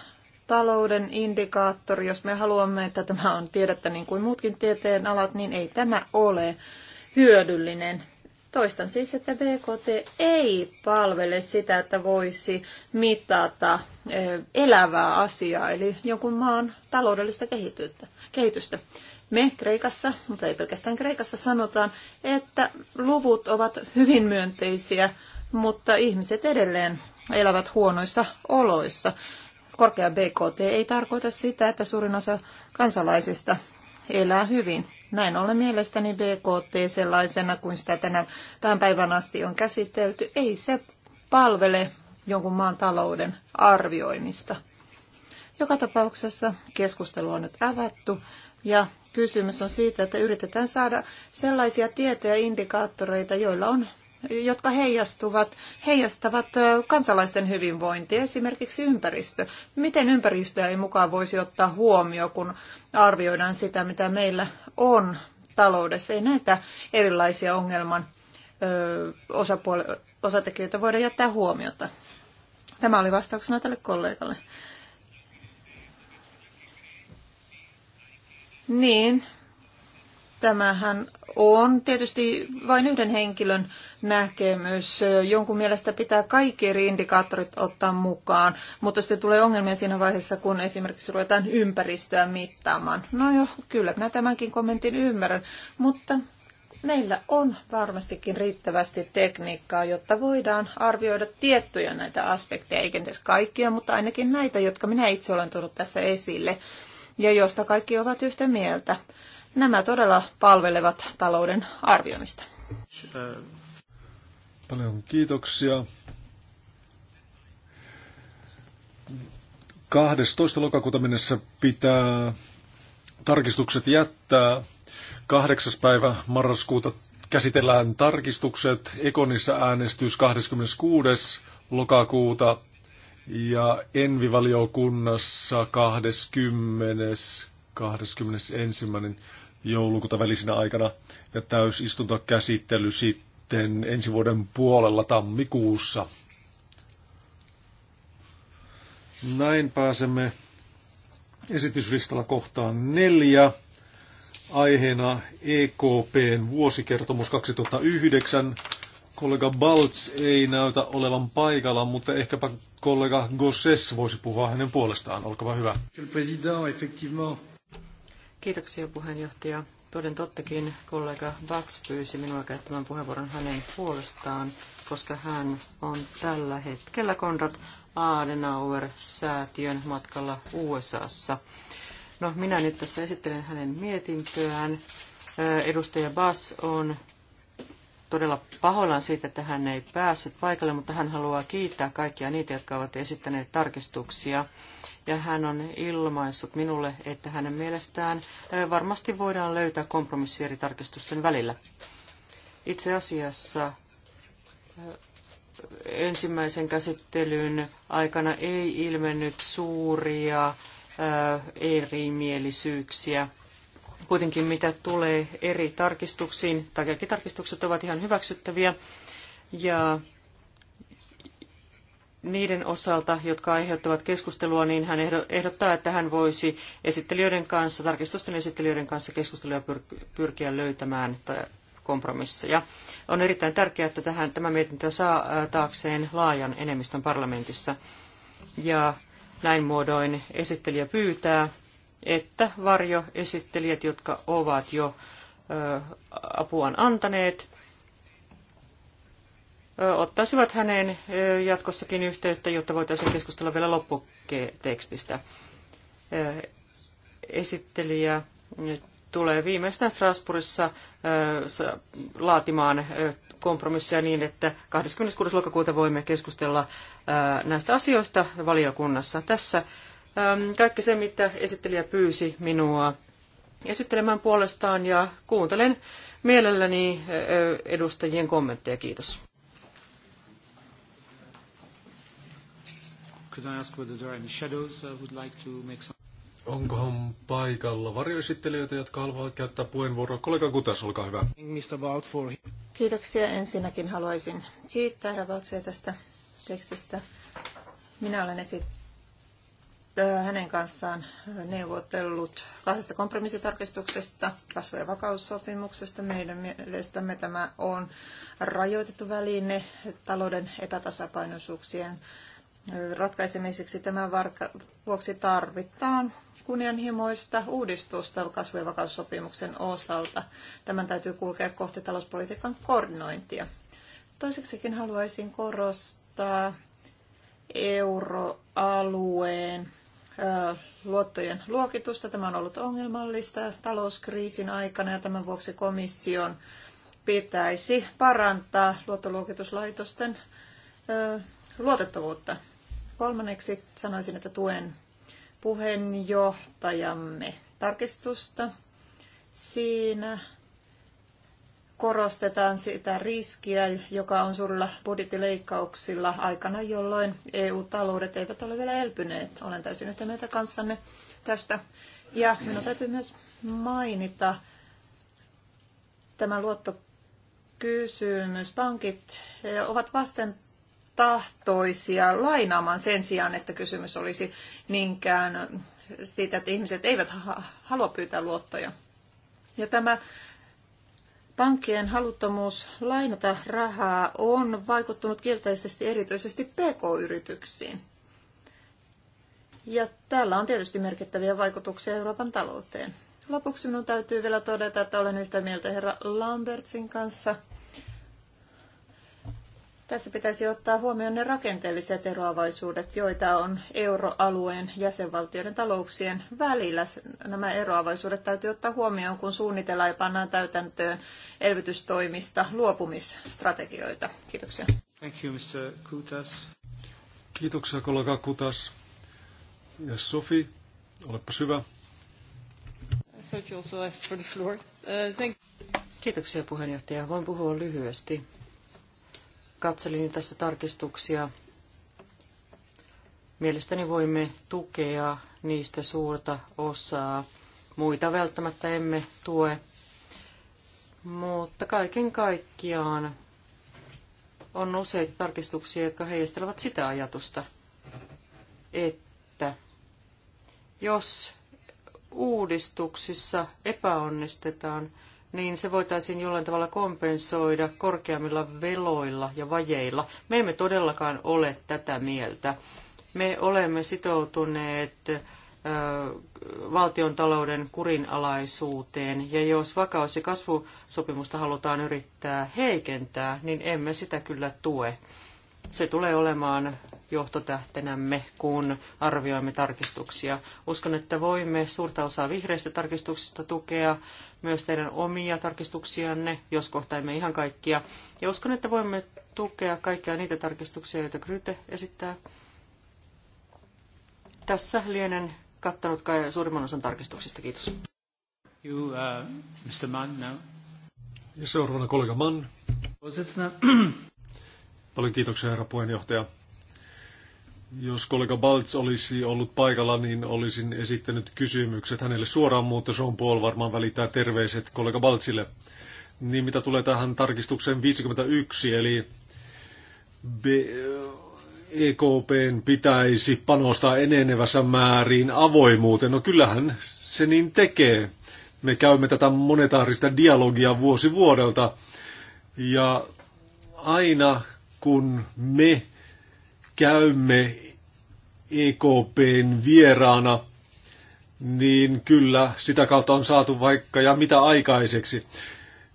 talouden indikaattori, jos me haluamme, että tämä on tiedettä niin kuin muutkin tieteen alat, niin ei tämä ole hyödyllinen. Toistan siis, että BKT ei palvele sitä, että voisi mitata elävää asiaa, eli jonkun maan taloudellista kehitystä. Me Kreikassa, mutta ei pelkästään Kreikassa, sanotaan, että luvut ovat hyvin myönteisiä mutta ihmiset edelleen elävät huonoissa oloissa. Korkea BKT ei tarkoita sitä, että suurin osa kansalaisista elää hyvin. Näin ollen mielestäni BKT sellaisena kuin sitä tänä, tämän päivän asti on käsitelty, ei se palvele jonkun maan talouden arvioimista. Joka tapauksessa keskustelu on nyt avattu ja kysymys on siitä, että yritetään saada sellaisia tietoja ja indikaattoreita, joilla on jotka heijastuvat, heijastavat kansalaisten hyvinvointia, esimerkiksi ympäristö. Miten ympäristöä ei mukaan voisi ottaa huomioon, kun arvioidaan sitä, mitä meillä on taloudessa. Ei näitä erilaisia ongelman osatekijöitä voida jättää huomiota. Tämä oli vastauksena tälle kollegalle. Niin, Tämähän on tietysti vain yhden henkilön näkemys. Jonkun mielestä pitää kaikki eri indikaattorit ottaa mukaan, mutta sitten tulee ongelmia siinä vaiheessa, kun esimerkiksi ruvetaan ympäristöä mittaamaan. No joo, kyllä, minä tämänkin kommentin ymmärrän, mutta meillä on varmastikin riittävästi tekniikkaa, jotta voidaan arvioida tiettyjä näitä aspekteja, eikä edes kaikkia, mutta ainakin näitä, jotka minä itse olen tullut tässä esille ja josta kaikki ovat yhtä mieltä. Nämä todella palvelevat talouden arvioimista. Paljon kiitoksia. 12. lokakuuta mennessä pitää tarkistukset jättää. 8. päivä marraskuuta käsitellään tarkistukset. Ekonissa äänestys 26. lokakuuta ja Envivaliokunnassa 20. 21 joulukuuta välisenä aikana ja täysistuntokäsittely sitten ensi vuoden puolella tammikuussa. Näin pääsemme esityslistalla kohtaan neljä. Aiheena EKPn vuosikertomus 2009. Kollega Balts ei näytä olevan paikalla, mutta ehkäpä kollega Gosses voisi puhua hänen puolestaan. Olkaa hyvä. Monsieur le Président, effectivement, Kiitoksia puheenjohtaja. Toden tottakin kollega Bats pyysi minua käyttämään puheenvuoron hänen puolestaan, koska hän on tällä hetkellä Konrad Adenauer-säätiön matkalla USAssa. No, minä nyt tässä esittelen hänen mietintöään. Edustaja Bass on todella pahoillaan siitä, että hän ei päässyt paikalle, mutta hän haluaa kiittää kaikkia niitä, jotka ovat esittäneet tarkistuksia ja hän on ilmaissut minulle, että hänen mielestään varmasti voidaan löytää kompromissi eri tarkistusten välillä. Itse asiassa ensimmäisen käsittelyn aikana ei ilmennyt suuria erimielisyyksiä. Kuitenkin mitä tulee eri tarkistuksiin, kaikki tarkistukset ovat ihan hyväksyttäviä ja niiden osalta, jotka aiheuttavat keskustelua, niin hän ehdottaa, että hän voisi esittelijöiden kanssa, tarkistusten esittelijöiden kanssa keskustelua pyrkiä löytämään kompromisseja. On erittäin tärkeää, että tähän, tämä mietintö saa taakseen laajan enemmistön parlamentissa. Ja näin muodoin esittelijä pyytää, että varjoesittelijät, jotka ovat jo apuaan antaneet, ottaisivat häneen jatkossakin yhteyttä, jotta voitaisiin keskustella vielä lopputekstistä. Esittelijä tulee viimeistään Strasbourgissa laatimaan kompromissia niin, että 26. lokakuuta voimme keskustella näistä asioista valiokunnassa. Tässä kaikki se, mitä esittelijä pyysi minua esittelemään puolestaan ja kuuntelen mielelläni edustajien kommentteja. Kiitos. Could I ask whether there are any shadows uh, would like to make some... Onkohan paikalla varjoesittelijöitä, jotka haluavat käyttää puheenvuoroa? Kollega Kutas, olkaa hyvä. Kiitoksia ensinnäkin. Haluaisin kiittää Ravaltsia tästä tekstistä. Minä olen esit. hänen kanssaan neuvotellut kahdesta kompromissitarkistuksesta, kasvu- ja vakaussopimuksesta. Meidän mielestämme tämä on rajoitettu väline talouden epätasapainoisuuksien ratkaisemiseksi tämän vuoksi tarvitaan kunnianhimoista uudistusta kasvu- ja vakaussopimuksen osalta. Tämän täytyy kulkea kohti talouspolitiikan koordinointia. Toiseksikin haluaisin korostaa euroalueen luottojen luokitusta. Tämä on ollut ongelmallista talouskriisin aikana ja tämän vuoksi komission pitäisi parantaa luottoluokituslaitosten luotettavuutta. Kolmanneksi sanoisin, että tuen puheenjohtajamme tarkistusta. Siinä korostetaan sitä riskiä, joka on suurilla budjettileikkauksilla aikana, jolloin EU-taloudet eivät ole vielä elpyneet. Olen täysin yhtä mieltä kanssanne tästä. Ja minun täytyy myös mainita tämä luottokysymys. Pankit eh, ovat vasten tahtoisia lainaamaan sen sijaan, että kysymys olisi niinkään siitä, että ihmiset eivät halua pyytää luottoja. Ja tämä pankkien haluttomuus lainata rahaa on vaikuttanut kielteisesti erityisesti pk-yrityksiin. Ja tällä on tietysti merkittäviä vaikutuksia Euroopan talouteen. Lopuksi minun täytyy vielä todeta, että olen yhtä mieltä herra Lambertsin kanssa – tässä pitäisi ottaa huomioon ne rakenteelliset eroavaisuudet, joita on euroalueen jäsenvaltioiden talouksien välillä. Nämä eroavaisuudet täytyy ottaa huomioon, kun suunnitellaan ja pannaan täytäntöön elvytystoimista luopumisstrategioita. Kiitoksia. Thank you, Mr. Kutas. Kiitoksia, kollega Kutas. Ja Sofi, olepa hyvä. Kiitoksia puheenjohtaja. Voin puhua lyhyesti Katselin tässä tarkistuksia. Mielestäni voimme tukea niistä suurta osaa. Muita välttämättä emme tue. Mutta kaiken kaikkiaan on useita tarkistuksia, jotka heijastelevat sitä ajatusta, että jos uudistuksissa epäonnistetaan, niin se voitaisiin jollain tavalla kompensoida korkeammilla veloilla ja vajeilla. Me emme todellakaan ole tätä mieltä. Me olemme sitoutuneet valtion talouden kurinalaisuuteen, ja jos vakaus- ja kasvusopimusta halutaan yrittää heikentää, niin emme sitä kyllä tue. Se tulee olemaan johtotähtenämme, kun arvioimme tarkistuksia. Uskon, että voimme suurta osaa vihreistä tarkistuksista tukea, myös teidän omia tarkistuksianne, jos kohta emme ihan kaikkia. Ja uskon, että voimme tukea kaikkia niitä tarkistuksia, joita Gryte esittää. Tässä lienen kattanut kai suurimman osan tarkistuksista. Kiitos. You, uh, Mr. Mann, now. Ja seuraavana kollega Mann. Paljon kiitoksia, herra puheenjohtaja. Jos kollega Baltz olisi ollut paikalla, niin olisin esittänyt kysymykset hänelle suoraan, mutta Jean Paul varmaan välittää terveiset kollega Baltzille. Niin mitä tulee tähän tarkistukseen 51, eli B, EKPn pitäisi panostaa enenevässä määrin avoimuuteen. No kyllähän se niin tekee. Me käymme tätä monetaarista dialogia vuosi vuodelta. Ja aina kun me käymme EKPn vieraana, niin kyllä sitä kautta on saatu vaikka ja mitä aikaiseksi.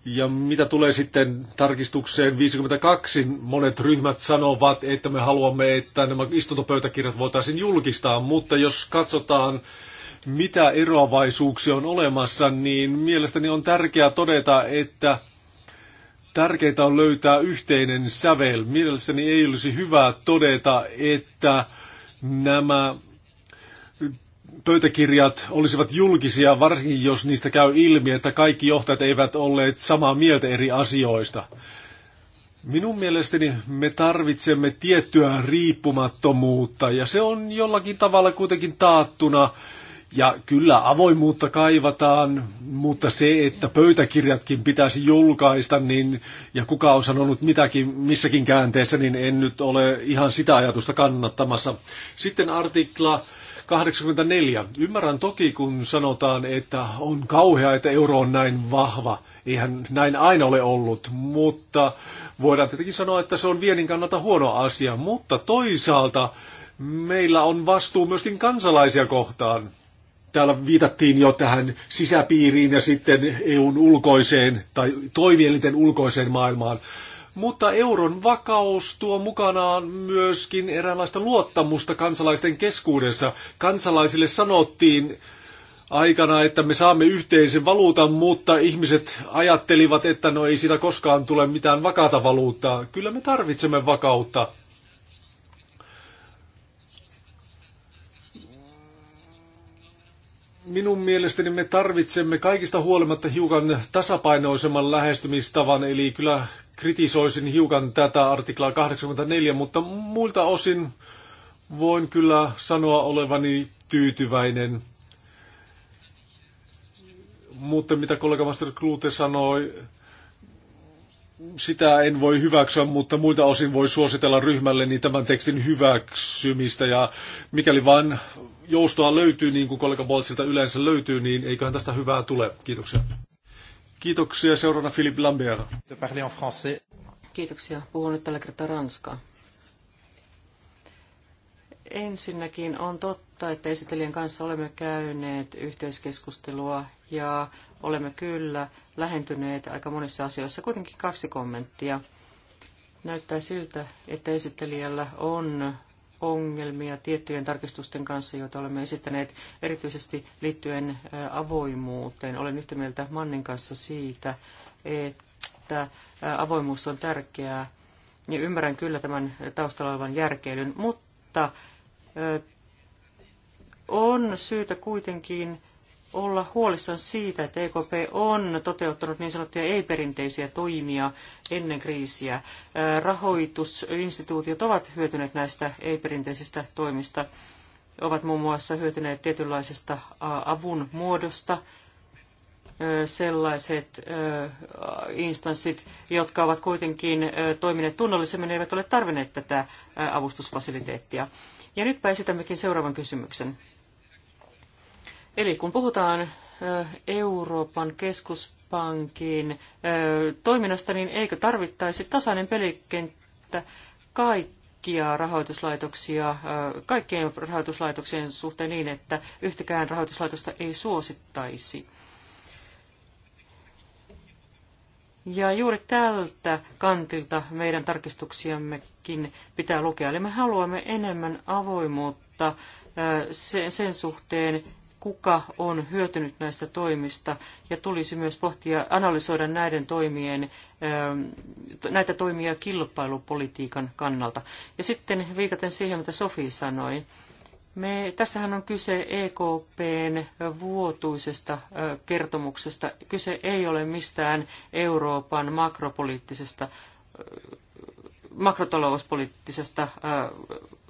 Ja mitä tulee sitten tarkistukseen 52, monet ryhmät sanovat, että me haluamme, että nämä istuntopöytäkirjat voitaisiin julkistaa, mutta jos katsotaan, mitä eroavaisuuksia on olemassa, niin mielestäni on tärkeää todeta, että Tärkeintä on löytää yhteinen sävel. Mielestäni ei olisi hyvä todeta, että nämä pöytäkirjat olisivat julkisia, varsinkin jos niistä käy ilmi, että kaikki johtajat eivät olleet samaa mieltä eri asioista. Minun mielestäni me tarvitsemme tiettyä riippumattomuutta ja se on jollakin tavalla kuitenkin taattuna ja kyllä avoimuutta kaivataan, mutta se, että pöytäkirjatkin pitäisi julkaista, niin, ja kuka on sanonut mitäkin missäkin käänteessä, niin en nyt ole ihan sitä ajatusta kannattamassa. Sitten artikla 84. Ymmärrän toki, kun sanotaan, että on kauhea, että euro on näin vahva. Eihän näin aina ole ollut, mutta voidaan tietenkin sanoa, että se on viennin kannalta huono asia. Mutta toisaalta meillä on vastuu myöskin kansalaisia kohtaan. Täällä viitattiin jo tähän sisäpiiriin ja sitten EUn ulkoiseen tai toimielinten ulkoiseen maailmaan. Mutta euron vakaus tuo mukanaan myöskin eräänlaista luottamusta kansalaisten keskuudessa. Kansalaisille sanottiin, aikana, että me saamme yhteisen valuutan, mutta ihmiset ajattelivat, että no ei sitä koskaan tule mitään vakaata valuuttaa. Kyllä me tarvitsemme vakautta. minun mielestäni me tarvitsemme kaikista huolimatta hiukan tasapainoisemman lähestymistavan, eli kyllä kritisoisin hiukan tätä artiklaa 84, mutta muilta osin voin kyllä sanoa olevani tyytyväinen. Mutta mitä kollega Master Klute sanoi, sitä en voi hyväksyä, mutta muita osin voi suositella niin tämän tekstin hyväksymistä. Ja mikäli vain joustoa löytyy, niin kuin kollega Boltsilta yleensä löytyy, niin eiköhän tästä hyvää tule. Kiitoksia. Kiitoksia. Seuraavana Philippe Lambert. Kiitoksia. Puhun nyt tällä kertaa ranskaa. Ensinnäkin on totta, että esittelijän kanssa olemme käyneet yhteiskeskustelua ja olemme kyllä lähentyneet aika monissa asioissa. Kuitenkin kaksi kommenttia. Näyttää siltä, että esittelijällä on ongelmia tiettyjen tarkistusten kanssa, joita olemme esittäneet erityisesti liittyen avoimuuteen. Olen yhtä mieltä Mannin kanssa siitä, että avoimuus on tärkeää. Ja ymmärrän kyllä tämän taustalla olevan järkeilyn, mutta on syytä kuitenkin olla huolissaan siitä, että EKP on toteuttanut niin sanottuja ei-perinteisiä toimia ennen kriisiä. Rahoitusinstituutiot ovat hyötyneet näistä ei-perinteisistä toimista, ovat muun muassa hyötyneet tietynlaisesta avun muodosta, sellaiset instanssit, jotka ovat kuitenkin toimineet tunnollisemmin, eivät ole tarvinneet tätä avustusfasiliteettia. Ja nytpä esitämmekin seuraavan kysymyksen Eli kun puhutaan Euroopan keskuspankin toiminnasta, niin eikö tarvittaisi tasainen pelikenttä kaikkia rahoituslaitoksia, kaikkien rahoituslaitoksien suhteen niin, että yhtäkään rahoituslaitosta ei suosittaisi? Ja juuri tältä kantilta meidän tarkistuksiammekin pitää lukea. Eli me haluamme enemmän avoimuutta sen suhteen, kuka on hyötynyt näistä toimista, ja tulisi myös pohtia, analysoida näiden toimien, ähm, näitä toimia kilpailupolitiikan kannalta. Ja sitten viitaten siihen, mitä Sofi sanoi, me, tässähän on kyse EKPn vuotuisesta äh, kertomuksesta. Kyse ei ole mistään Euroopan makropoliittisesta äh, makrotalouspoliittisesta äh,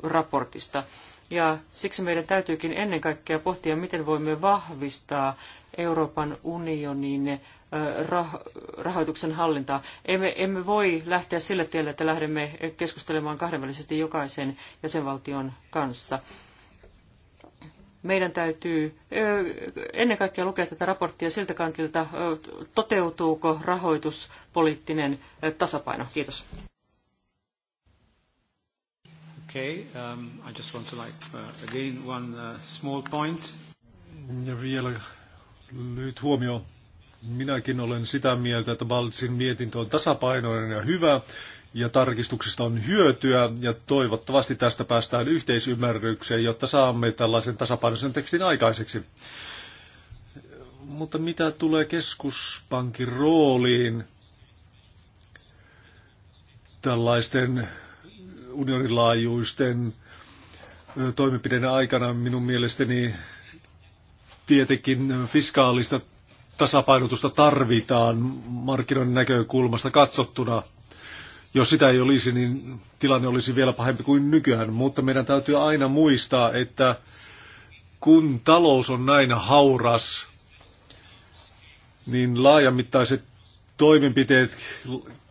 raportista. Ja siksi meidän täytyykin ennen kaikkea pohtia, miten voimme vahvistaa Euroopan unionin rahoituksen hallintaa. Emme, emme voi lähteä sille tielle, että lähdemme keskustelemaan kahdenvälisesti jokaisen jäsenvaltion kanssa. Meidän täytyy ennen kaikkea lukea tätä raporttia siltä kantilta, toteutuuko rahoituspoliittinen tasapaino. Kiitos. Okay, um, I just want to like uh, again one uh, small point. Ja vielä lyhyt huomio. Minäkin olen sitä mieltä, että Baltsin mietintö on tasapainoinen ja hyvä ja tarkistuksista on hyötyä ja toivottavasti tästä päästään yhteisymmärrykseen, jotta saamme tällaisen tasapainoisen tekstin aikaiseksi. Mutta mitä tulee keskuspankin rooliin tällaisten unionin laajuisten toimenpiteiden aikana minun mielestäni tietenkin fiskaalista tasapainotusta tarvitaan markkinoiden näkökulmasta katsottuna. Jos sitä ei olisi, niin tilanne olisi vielä pahempi kuin nykyään, mutta meidän täytyy aina muistaa, että kun talous on näin hauras, niin laajamittaiset toimenpiteet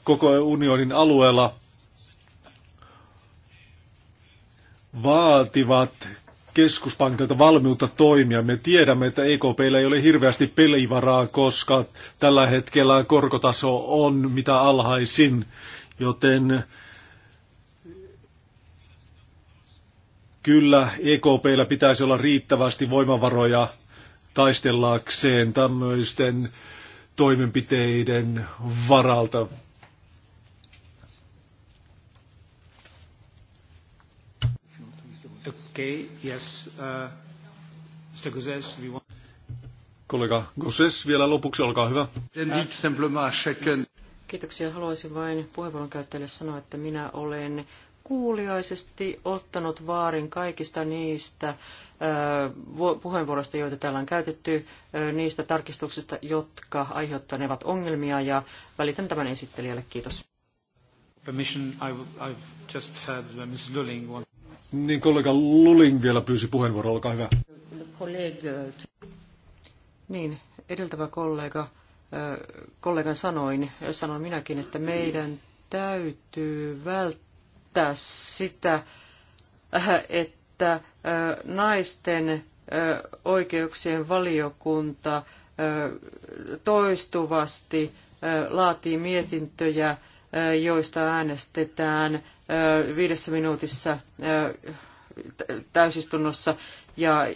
koko unionin alueella – vaativat keskuspankilta valmiutta toimia. Me tiedämme, että EKPllä ei ole hirveästi pelivaraa, koska tällä hetkellä korkotaso on mitä alhaisin, joten kyllä EKPllä pitäisi olla riittävästi voimavaroja taistellakseen tämmöisten toimenpiteiden varalta. Okay, yes. Uh, Mr. we want... Kollega Gosses, vielä lopuksi, olkaa hyvä. Kiitoksia. Haluaisin vain puheenvuoron käyttäjälle sanoa, että minä olen kuuliaisesti ottanut vaarin kaikista niistä äh, puheenvuoroista, joita täällä on käytetty, äh, niistä tarkistuksista, jotka aiheuttanevat ongelmia, ja välitän tämän esittelijälle. Kiitos. Niin kollega Luling vielä pyysi puheenvuoron, olkaa hyvä. Niin, edeltävä kollega, kollegan sanoin, sanon minäkin, että meidän täytyy välttää sitä, äh, että naisten oikeuksien valiokunta toistuvasti laatii mietintöjä, joista äänestetään viidessä minuutissa täysistunnossa ja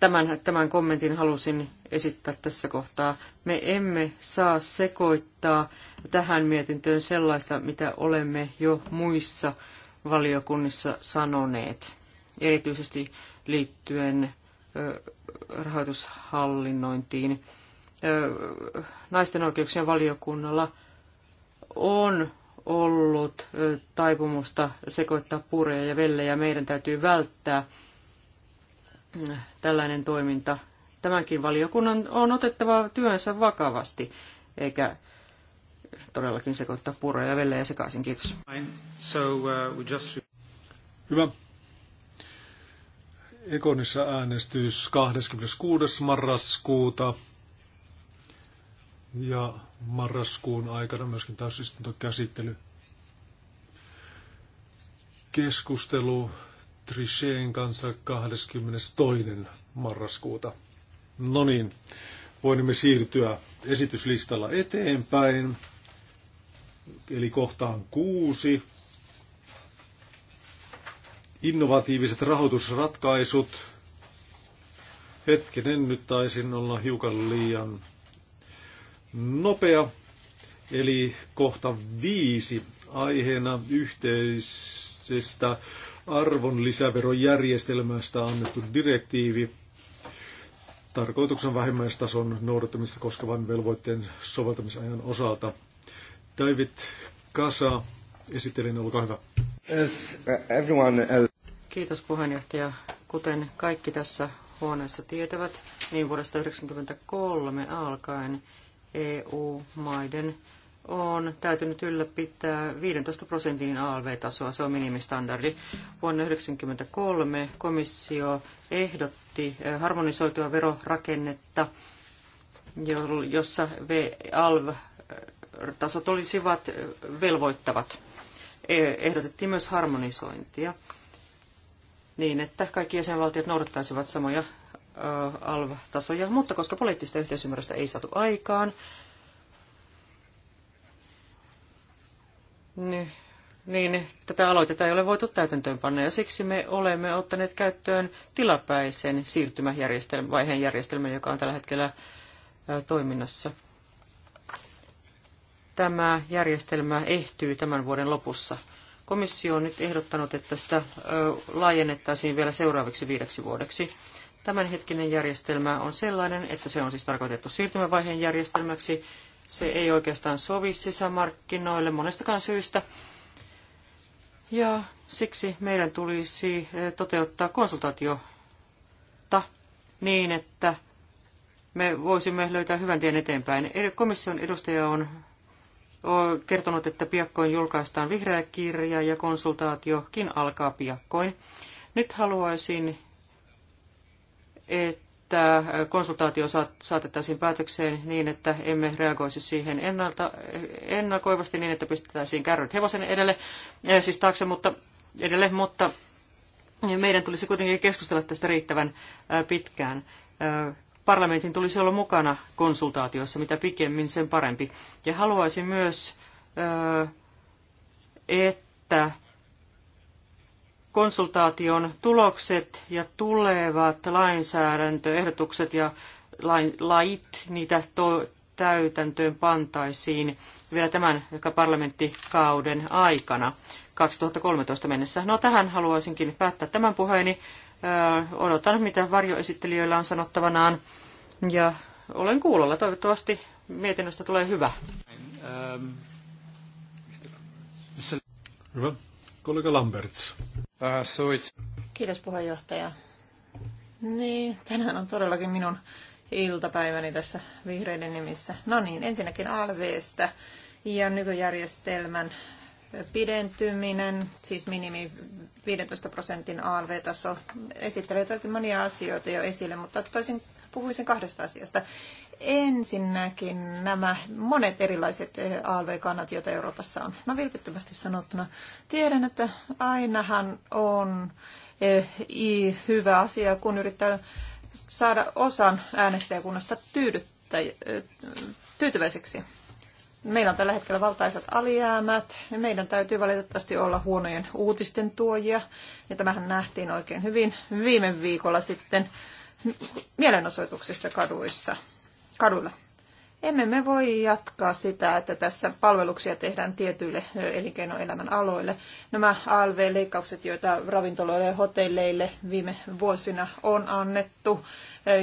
tämän, tämän kommentin halusin esittää tässä kohtaa. Me emme saa sekoittaa tähän mietintöön sellaista, mitä olemme jo muissa valiokunnissa sanoneet, erityisesti liittyen rahoitushallinnointiin. Naisten oikeuksien valiokunnalla on ollut taipumusta sekoittaa pureja ja vellejä. Meidän täytyy välttää mm, tällainen toiminta. Tämänkin valiokunnan on otettava työnsä vakavasti, eikä todellakin sekoittaa puroja ja vellejä sekaisin. Kiitos. Uh, Hyvä. Ekonissa äänestys 26. marraskuuta ja marraskuun aikana myöskin täysistuntokäsittely. Keskustelu Trichén kanssa 22. marraskuuta. No niin, voimme siirtyä esityslistalla eteenpäin, eli kohtaan kuusi. Innovatiiviset rahoitusratkaisut. Hetkinen, nyt taisin olla hiukan liian nopea. Eli kohta viisi aiheena yhteisestä arvonlisäverojärjestelmästä annettu direktiivi tarkoituksen vähimmäistason noudattamista koskevan velvoitteen soveltamisajan osalta. David Kasa, esittelin, olkaa hyvä. Uh, uh, Kiitos puheenjohtaja. Kuten kaikki tässä huoneessa tietävät, niin vuodesta 1993 alkaen EU-maiden on täytynyt ylläpitää 15 prosentin ALV-tasoa, se on minimistandardi. Vuonna 1993 komissio ehdotti eh, harmonisoitua verorakennetta, jossa ALV-tasot olisivat eh, velvoittavat. E, ehdotettiin myös harmonisointia niin, että kaikki jäsenvaltiot noudattaisivat samoja Äh, alv-tasoja, mutta koska poliittista yhteisymmärrystä ei saatu aikaan, niin, niin tätä aloitetta ei ole voitu täytäntöönpanna ja siksi me olemme ottaneet käyttöön tilapäisen siirtymäjärjestelmän, vaiheen järjestelmän, joka on tällä hetkellä äh, toiminnassa. Tämä järjestelmä ehtyy tämän vuoden lopussa. Komissio on nyt ehdottanut, että sitä äh, laajennettaisiin vielä seuraaviksi viideksi vuodeksi. Tämänhetkinen järjestelmä on sellainen, että se on siis tarkoitettu siirtymävaiheen järjestelmäksi. Se ei oikeastaan sovi sisämarkkinoille monestakaan syystä. Ja siksi meidän tulisi eh, toteuttaa konsultaatiota niin, että me voisimme löytää hyvän tien eteenpäin. Komission edustaja on kertonut, että piakkoin julkaistaan vihreä kirja ja konsultaatiokin alkaa piakkoin. Nyt haluaisin että konsultaatio saatettaisiin päätökseen niin, että emme reagoisi siihen ennalta, ennakoivasti niin, että pistettäisiin kärryt hevosen edelle, eh, siis taakse, mutta edelle, mutta meidän tulisi kuitenkin keskustella tästä riittävän eh, pitkään. Eh, parlamentin tulisi olla mukana konsultaatiossa, mitä pikemmin sen parempi. Ja haluaisin myös, että konsultaation tulokset ja tulevat lainsäädäntöehdotukset ja lait, niitä to, täytäntöön pantaisiin vielä tämän parlamenttikauden aikana 2013 mennessä. No tähän haluaisinkin päättää tämän puheeni. Odotan, mitä varjoesittelijöillä on sanottavanaan ja olen kuulolla. Toivottavasti mietinnöstä tulee hyvä. Um, hyvä kollega Lamberts. Ah, Kiitos puheenjohtaja. Niin, tänään on todellakin minun iltapäiväni tässä vihreiden nimissä. No niin, ensinnäkin alveesta ja nykyjärjestelmän pidentyminen, siis minimi 15 prosentin ALV-taso, Esittelen monia asioita jo esille, mutta toisin puhuisin kahdesta asiasta ensinnäkin nämä monet erilaiset eh, ALV-kannat, joita Euroopassa on. No vilpittömästi sanottuna tiedän, että ainahan on eh, hyvä asia, kun yrittää saada osan äänestäjäkunnasta eh, tyytyväiseksi. Meillä on tällä hetkellä valtaisat alijäämät. Ja meidän täytyy valitettavasti olla huonojen uutisten tuojia. Ja tämähän nähtiin oikein hyvin viime viikolla sitten mielenosoituksissa kaduissa kadulla. Emme me voi jatkaa sitä, että tässä palveluksia tehdään tietyille elinkeinoelämän aloille. Nämä ALV-leikkaukset, joita ravintoloille ja hotelleille viime vuosina on annettu,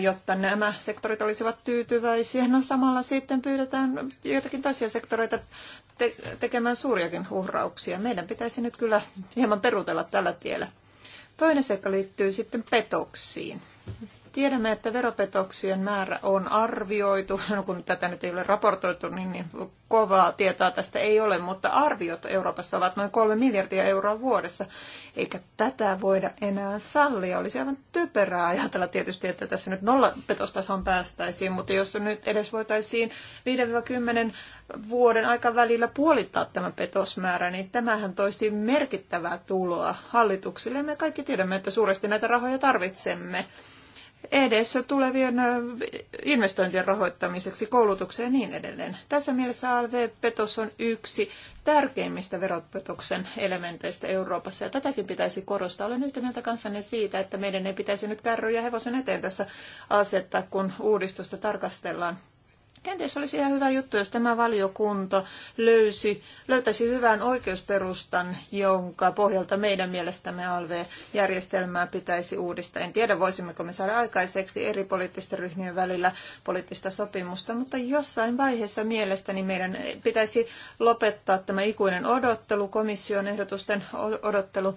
jotta nämä sektorit olisivat tyytyväisiä. No samalla sitten pyydetään joitakin toisia sektoreita te- tekemään suuriakin uhrauksia. Meidän pitäisi nyt kyllä hieman perutella tällä tiellä. Toinen seikka liittyy sitten petoksiin. Tiedämme, että veropetoksien määrä on arvioitu, no kun tätä nyt ei ole raportoitu, niin, niin kovaa tietoa tästä ei ole, mutta arviot Euroopassa ovat noin kolme miljardia euroa vuodessa, eikä tätä voida enää sallia. Olisi aivan typerää ajatella tietysti, että tässä nyt nollapetostason päästäisiin, mutta jos nyt edes voitaisiin 5-10 vuoden aikavälillä puolittaa tämä petosmäärä, niin tämähän toisi merkittävää tuloa hallituksille. Me kaikki tiedämme, että suuresti näitä rahoja tarvitsemme edessä tulevien investointien rahoittamiseksi, koulutukseen ja niin edelleen. Tässä mielessä ALV-petos on yksi tärkeimmistä veropetoksen elementeistä Euroopassa, ja tätäkin pitäisi korostaa. Olen yhtä mieltä kanssanne siitä, että meidän ei pitäisi nyt kärryjä hevosen eteen tässä asettaa, kun uudistusta tarkastellaan. Kenties olisi ihan hyvä juttu, jos tämä valiokunta löysi, löytäisi hyvän oikeusperustan, jonka pohjalta meidän mielestämme ALV-järjestelmää pitäisi uudistaa. En tiedä, voisimmeko me saada aikaiseksi eri poliittisten ryhmien välillä poliittista sopimusta, mutta jossain vaiheessa mielestäni meidän pitäisi lopettaa tämä ikuinen odottelu, komission ehdotusten odottelu,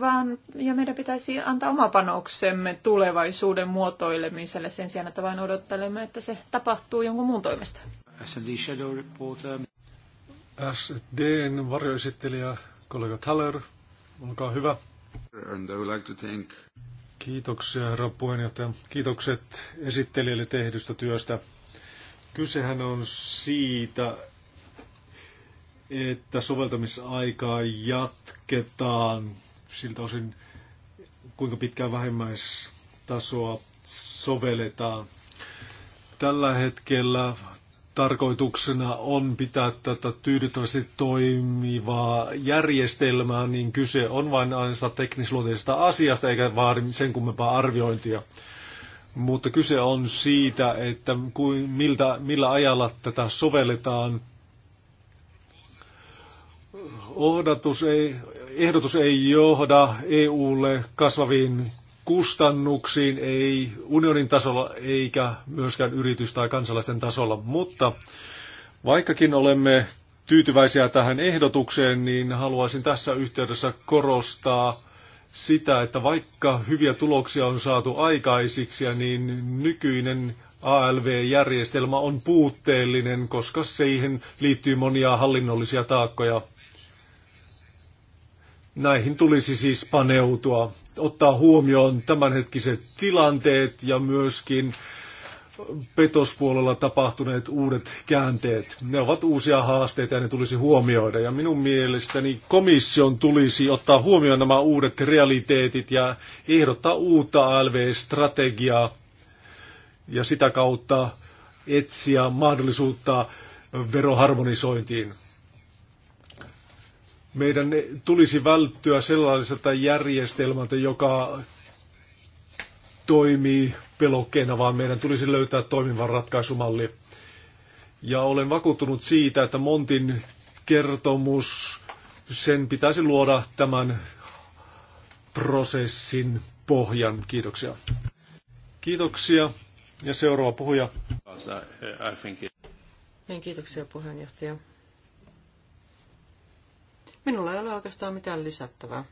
vaan, ja meidän pitäisi antaa oma panoksemme tulevaisuuden muotoilemiselle sen sijaan, että vain odottelemme, että se tapahtuu jonkun muun toimesta. SD Shadow Reporter. SDn varjoesittelijä kollega Taller, olkaa hyvä. And I would like to thank... Kiitoksia herra puheenjohtaja. Kiitokset esittelijälle tehdystä työstä. Kysehän on siitä, että soveltamisaikaa jatketaan siltä osin, kuinka pitkään vähimmäistasoa sovelletaan. Tällä hetkellä tarkoituksena on pitää tätä tyydyttävästi toimivaa järjestelmää, niin kyse on vain aina teknisluonteisesta asiasta, eikä vaadi sen kummempaa arviointia. Mutta kyse on siitä, että kuin, miltä, millä ajalla tätä sovelletaan. Ohdatus ei, ehdotus ei johda EUlle kasvaviin kustannuksiin, ei unionin tasolla eikä myöskään yritys- tai kansalaisten tasolla. Mutta vaikkakin olemme tyytyväisiä tähän ehdotukseen, niin haluaisin tässä yhteydessä korostaa sitä, että vaikka hyviä tuloksia on saatu aikaisiksi, niin nykyinen ALV-järjestelmä on puutteellinen, koska siihen liittyy monia hallinnollisia taakkoja Näihin tulisi siis paneutua, ottaa huomioon tämänhetkiset tilanteet ja myöskin petospuolella tapahtuneet uudet käänteet. Ne ovat uusia haasteita ja ne tulisi huomioida. Ja minun mielestäni komission tulisi ottaa huomioon nämä uudet realiteetit ja ehdottaa uutta ALV-strategiaa ja sitä kautta etsiä mahdollisuutta veroharmonisointiin. Meidän tulisi välttyä sellaiselta järjestelmältä, joka toimii pelokkeena, vaan meidän tulisi löytää toimiva ratkaisumalli. Ja olen vakuuttunut siitä, että Montin kertomus, sen pitäisi luoda tämän prosessin pohjan. Kiitoksia. Kiitoksia. Ja seuraava puhuja. Niin, kiitoksia puheenjohtaja. Minulla ei ole oikeastaan mitään lisättävää.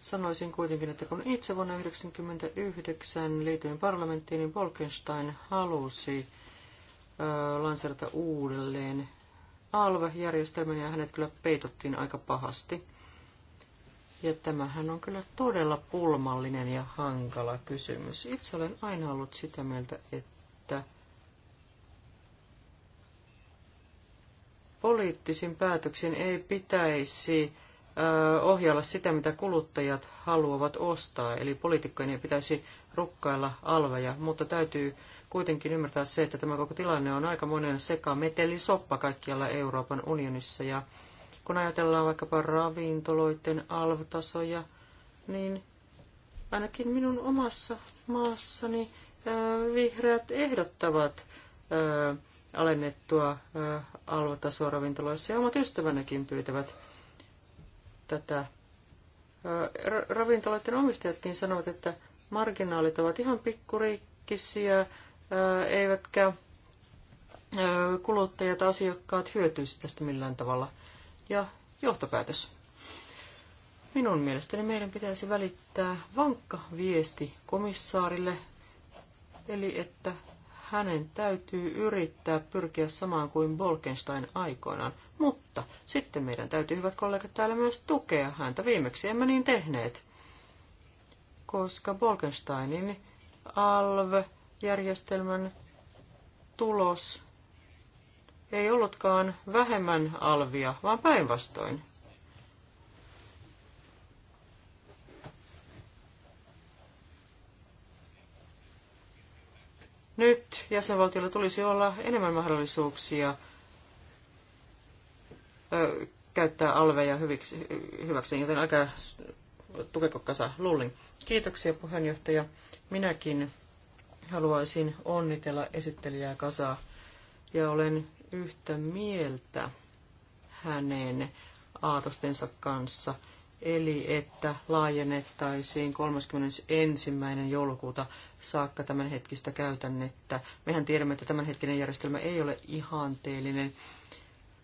Sanoisin kuitenkin, että kun itse vuonna 1999 liityin parlamenttiin, niin Wolkenstein halusi ö, lanserata uudelleen ALVE-järjestelmän ja hänet kyllä peitottiin aika pahasti. Ja tämähän on kyllä todella pulmallinen ja hankala kysymys. Itse olen aina ollut sitä mieltä, että poliittisin päätöksin ei pitäisi ohjailla sitä, mitä kuluttajat haluavat ostaa. Eli poliitikkojen ei pitäisi rukkailla alveja, mutta täytyy kuitenkin ymmärtää se, että tämä koko tilanne on aika monen sekametelisoppa kaikkialla Euroopan unionissa. Ja kun ajatellaan vaikkapa ravintoloiden alvtasoja, niin ainakin minun omassa maassani vihreät ehdottavat alennettua alvatasoa ravintoloissa ja omat ystävänäkin pyytävät tätä. Ravintoloiden omistajatkin sanovat, että marginaalit ovat ihan pikkuriikkisiä, eivätkä kuluttajat, asiakkaat hyötyisi tästä millään tavalla. Ja johtopäätös. Minun mielestäni meidän pitäisi välittää vankka viesti komissaarille, eli että hänen täytyy yrittää pyrkiä samaan kuin Bolkenstein aikoinaan. Mutta sitten meidän täytyy, hyvät kollegat, täällä myös tukea häntä. Viimeksi emme niin tehneet, koska Bolkensteinin ALV-järjestelmän tulos ei ollutkaan vähemmän alvia, vaan päinvastoin. Nyt jäsenvaltiolla tulisi olla enemmän mahdollisuuksia ö, käyttää alveja hyviksi, hyväkseen, joten älkää tukeko kasa lullin. Kiitoksia puheenjohtaja. Minäkin haluaisin onnitella esittelijää kasaa ja olen yhtä mieltä hänen aatostensa kanssa – eli että laajennettaisiin 31. joulukuuta saakka tämänhetkistä käytännettä. Mehän tiedämme, että tämänhetkinen järjestelmä ei ole ihanteellinen.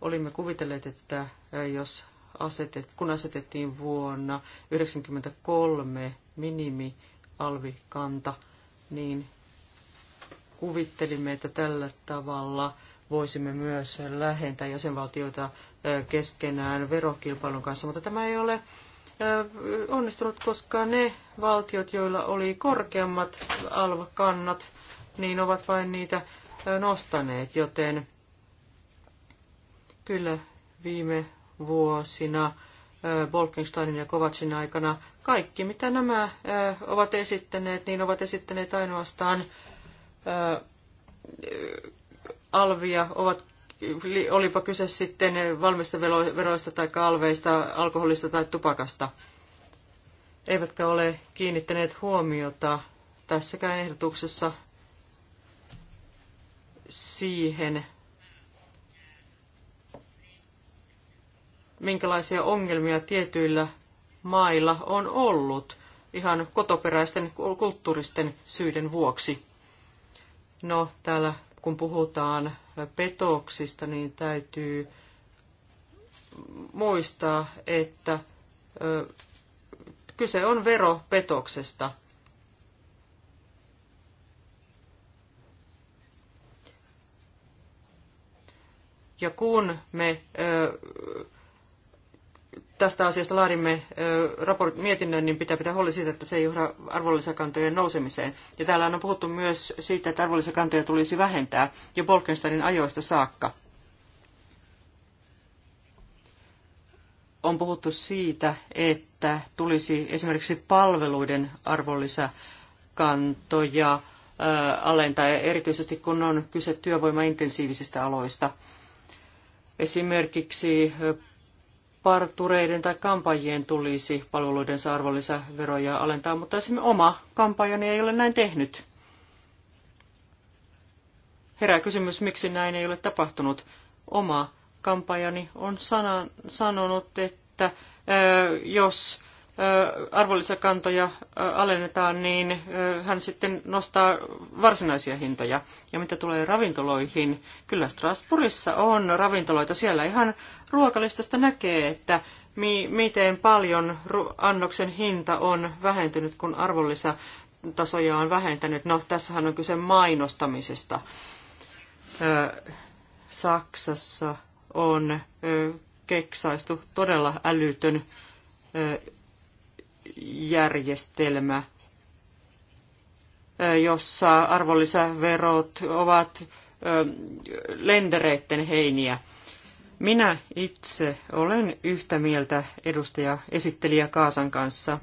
Olimme kuvitelleet, että jos asetet, kun asetettiin vuonna 1993 minimialvikanta, niin kuvittelimme, että tällä tavalla – voisimme myös lähentää jäsenvaltioita keskenään verokilpailun kanssa, mutta tämä ei ole onnistunut, koska ne valtiot, joilla oli korkeammat alvakannat, niin ovat vain niitä nostaneet, joten kyllä viime vuosina Bolkensteinin ja Kovacin aikana kaikki, mitä nämä ovat esittäneet, niin ovat esittäneet ainoastaan alvia, ovat, olipa kyse sitten valmisteveroista tai alveista, alkoholista tai tupakasta, eivätkä ole kiinnittäneet huomiota tässäkään ehdotuksessa siihen, minkälaisia ongelmia tietyillä mailla on ollut ihan kotoperäisten kulttuuristen syiden vuoksi. No, täällä kun puhutaan petoksista, niin täytyy muistaa, että kyse on veropetoksesta. Ja kun me tästä asiasta laadimme raport, mietinnön, niin pitää pitää huoli siitä, että se ei johda arvonlisäkantojen nousemiseen. Ja täällä on puhuttu myös siitä, että arvonlisäkantoja tulisi vähentää jo Bolkensteinin ajoista saakka. On puhuttu siitä, että tulisi esimerkiksi palveluiden arvonlisäkantoja alentaa, erityisesti kun on kyse työvoimaintensiivisistä aloista. Esimerkiksi partureiden tai kampajien tulisi palveluidensa arvonlisäveroja alentaa, mutta esimerkiksi oma kampanjani ei ole näin tehnyt. Herää kysymys, miksi näin ei ole tapahtunut. Oma kampanjani on sanan, sanonut, että jos arvonlisäkantoja alennetaan, niin hän sitten nostaa varsinaisia hintoja. Ja mitä tulee ravintoloihin, kyllä Strasbourgissa on ravintoloita. Siellä ihan ruokalistasta näkee, että mi- miten paljon annoksen hinta on vähentynyt, kun arvonlisätasoja on vähentänyt. No, tässähän on kyse mainostamisesta. Saksassa on keksaistu todella älytön järjestelmä, jossa arvonlisäverot ovat lendereiden heiniä. Minä itse olen yhtä mieltä edustaja esittelijä Kaasan kanssa.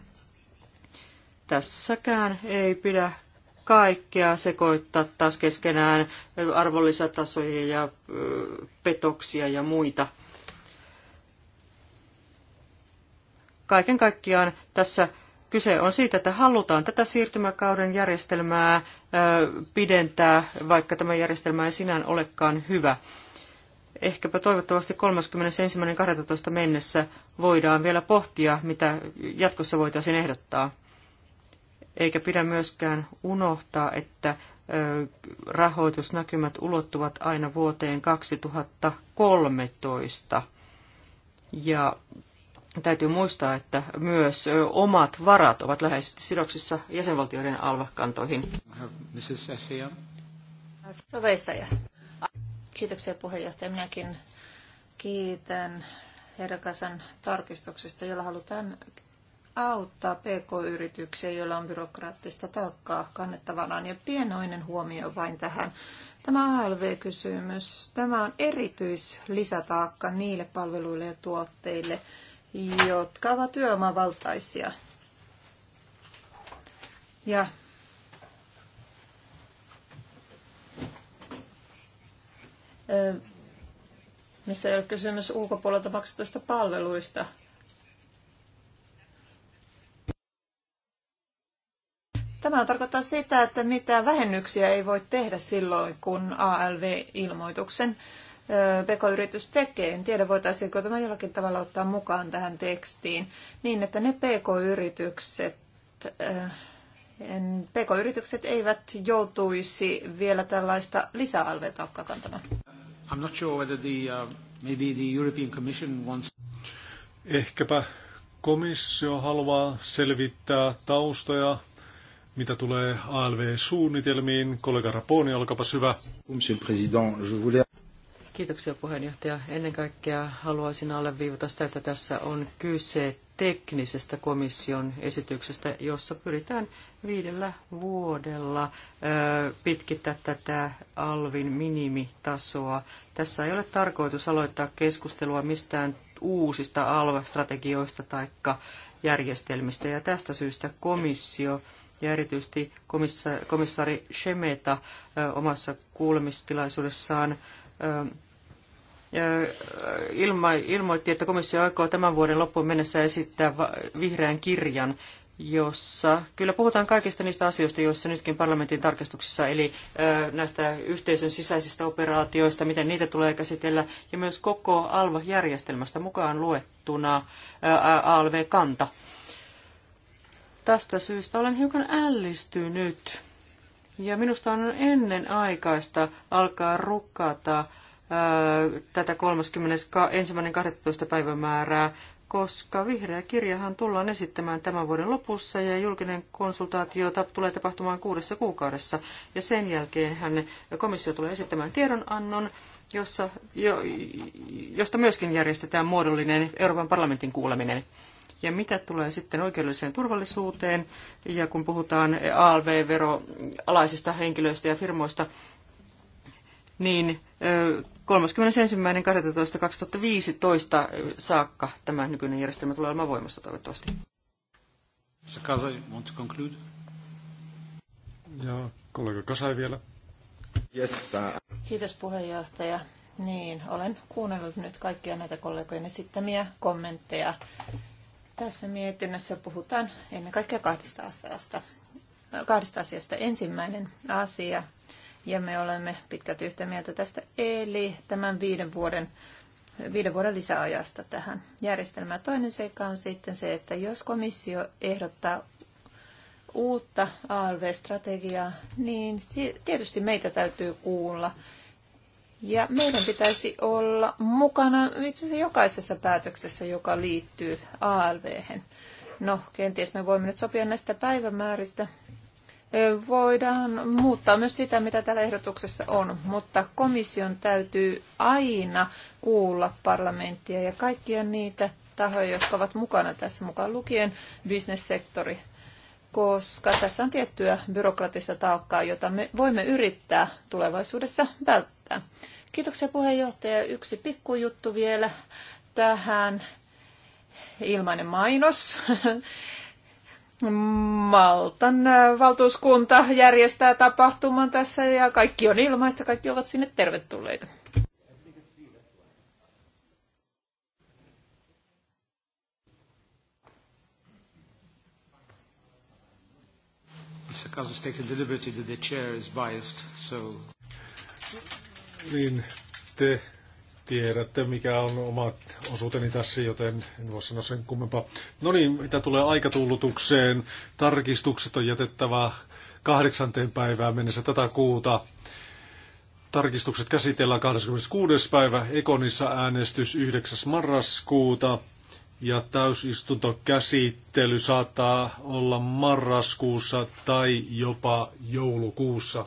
Tässäkään ei pidä kaikkea sekoittaa taas keskenään arvonlisätasoja ja petoksia ja muita – kaiken kaikkiaan tässä kyse on siitä, että halutaan tätä siirtymäkauden järjestelmää pidentää, vaikka tämä järjestelmä ei sinään olekaan hyvä. Ehkäpä toivottavasti 31.12. mennessä voidaan vielä pohtia, mitä jatkossa voitaisiin ehdottaa. Eikä pidä myöskään unohtaa, että rahoitusnäkymät ulottuvat aina vuoteen 2013. Ja Täytyy muistaa, että myös omat varat ovat läheisesti sidoksissa jäsenvaltioiden alvakantoihin. Kiitoksia puheenjohtaja. Minäkin kiitän Herkasan tarkistuksesta, jolla halutaan auttaa pk-yrityksiä, joilla on byrokraattista taakkaa kannettavanaan. Ja pienoinen huomio vain tähän. Tämä ALV-kysymys, tämä on erityislisätaakka niille palveluille ja tuotteille, jotka ovat työomavaltaisia. Ja missä ei ole kysymys ulkopuolelta maksetuista palveluista. Tämä tarkoittaa sitä, että mitään vähennyksiä ei voi tehdä silloin, kun ALV-ilmoituksen PK-yritys tekee. En tiedä, voitaisiinko tämä jollakin tavalla ottaa mukaan tähän tekstiin, niin että ne PK-yritykset, eh, PK-yritykset eivät joutuisi vielä tällaista lisäalvea taakkaa kantamaan. I'm not sure whether the, uh, maybe the European Commission wants... Ehkäpä komissio haluaa selvittää taustoja, mitä tulee ALV-suunnitelmiin. Kollega Raponi, olkapa hyvä. Monsieur le Président, je voulais... Kiitoksia puheenjohtaja. Ennen kaikkea haluaisin alleviivata sitä, että tässä on kyse teknisestä komission esityksestä, jossa pyritään viidellä vuodella pitkittää tätä alvin minimitasoa. Tässä ei ole tarkoitus aloittaa keskustelua mistään uusista alv-strategioista tai järjestelmistä, ja tästä syystä komissio ja erityisesti komissaari Shemeta omassa kuulemistilaisuudessaan ilmoitti, että komissio aikoo tämän vuoden loppuun mennessä esittää vihreän kirjan, jossa kyllä puhutaan kaikista niistä asioista, joissa nytkin parlamentin tarkastuksissa, eli näistä yhteisön sisäisistä operaatioista, miten niitä tulee käsitellä, ja myös koko ALVA-järjestelmästä mukaan luettuna ALV-kanta. Tästä syystä olen hiukan ällistynyt ja minusta on ennen aikaista alkaa rukkata tätä 31.12. päivämäärää, koska vihreä kirjahan tullaan esittämään tämän vuoden lopussa ja julkinen konsultaatio tulee tapahtumaan kuudessa kuukaudessa. Ja sen jälkeen hän komissio tulee esittämään tiedonannon, jossa, jo, josta myöskin järjestetään muodollinen Euroopan parlamentin kuuleminen. Ja mitä tulee sitten oikeudelliseen turvallisuuteen, ja kun puhutaan ALV-veroalaisista henkilöistä ja firmoista, niin 31.12.2015 saakka tämä nykyinen järjestelmä tulee olemaan voimassa toivottavasti. Sakazai, want to conclude? Ja kollega Kasai vielä. Yes, Kiitos puheenjohtaja. Niin, olen kuunnellut nyt kaikkia näitä kollegojen esittämiä kommentteja tässä mietinnössä puhutaan ennen kaikkea kahdesta asiasta. Kahdesta asiasta. Ensimmäinen asia, ja me olemme pitkälti yhtä mieltä tästä, eli tämän viiden vuoden, viiden vuoden lisäajasta tähän järjestelmään. Toinen seikka on sitten se, että jos komissio ehdottaa uutta ALV-strategiaa, niin tietysti meitä täytyy kuulla – ja meidän pitäisi olla mukana itse asiassa jokaisessa päätöksessä, joka liittyy alv -hän. No, kenties me voimme nyt sopia näistä päivämääristä. Voidaan muuttaa myös sitä, mitä täällä ehdotuksessa on, mutta komission täytyy aina kuulla parlamenttia ja kaikkia niitä tahoja, jotka ovat mukana tässä, mukaan lukien bisnessektori, koska tässä on tiettyä byrokratista taakkaa, jota me voimme yrittää tulevaisuudessa välttää tätä. Kiitoksia puheenjohtaja. Yksi pikkujuttu vielä tähän. Ilmainen mainos. Maltan valtuuskunta järjestää tapahtuman tässä ja kaikki on ilmaista, kaikki ovat sinne tervetulleita. Mr. Kazas taken liberty that the chair is biased, so niin te tiedätte, mikä on omat osuuteni tässä, joten en voi sanoa sen kummempaa. No niin, mitä tulee aikatullutukseen, tarkistukset on jätettävä kahdeksanteen päivään mennessä tätä kuuta. Tarkistukset käsitellään 26. päivä, Ekonissa äänestys 9. marraskuuta ja täysistuntokäsittely saattaa olla marraskuussa tai jopa joulukuussa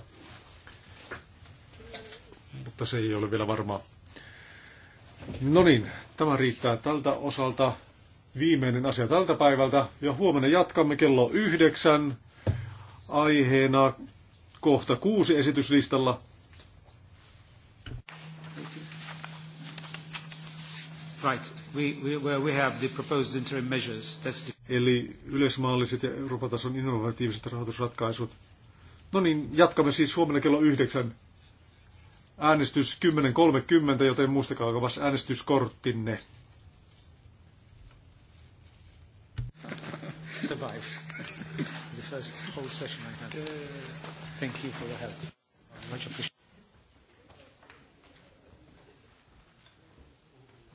mutta se ei ole vielä varmaa. No niin, tämä riittää tältä osalta. Viimeinen asia tältä päivältä ja huomenna jatkamme kello yhdeksän aiheena kohta kuusi esityslistalla. Right. We, we, where we have the proposed interim measures. That's the... Eli yleismaalliset ja Euroopan tason innovatiiviset rahoitusratkaisut. No niin, jatkamme siis huomenna kello yhdeksän äänestys 10.30, joten muistakaa vas äänestyskorttinne. Survive. The first whole session I had. Thank you for the help. Much appreciated.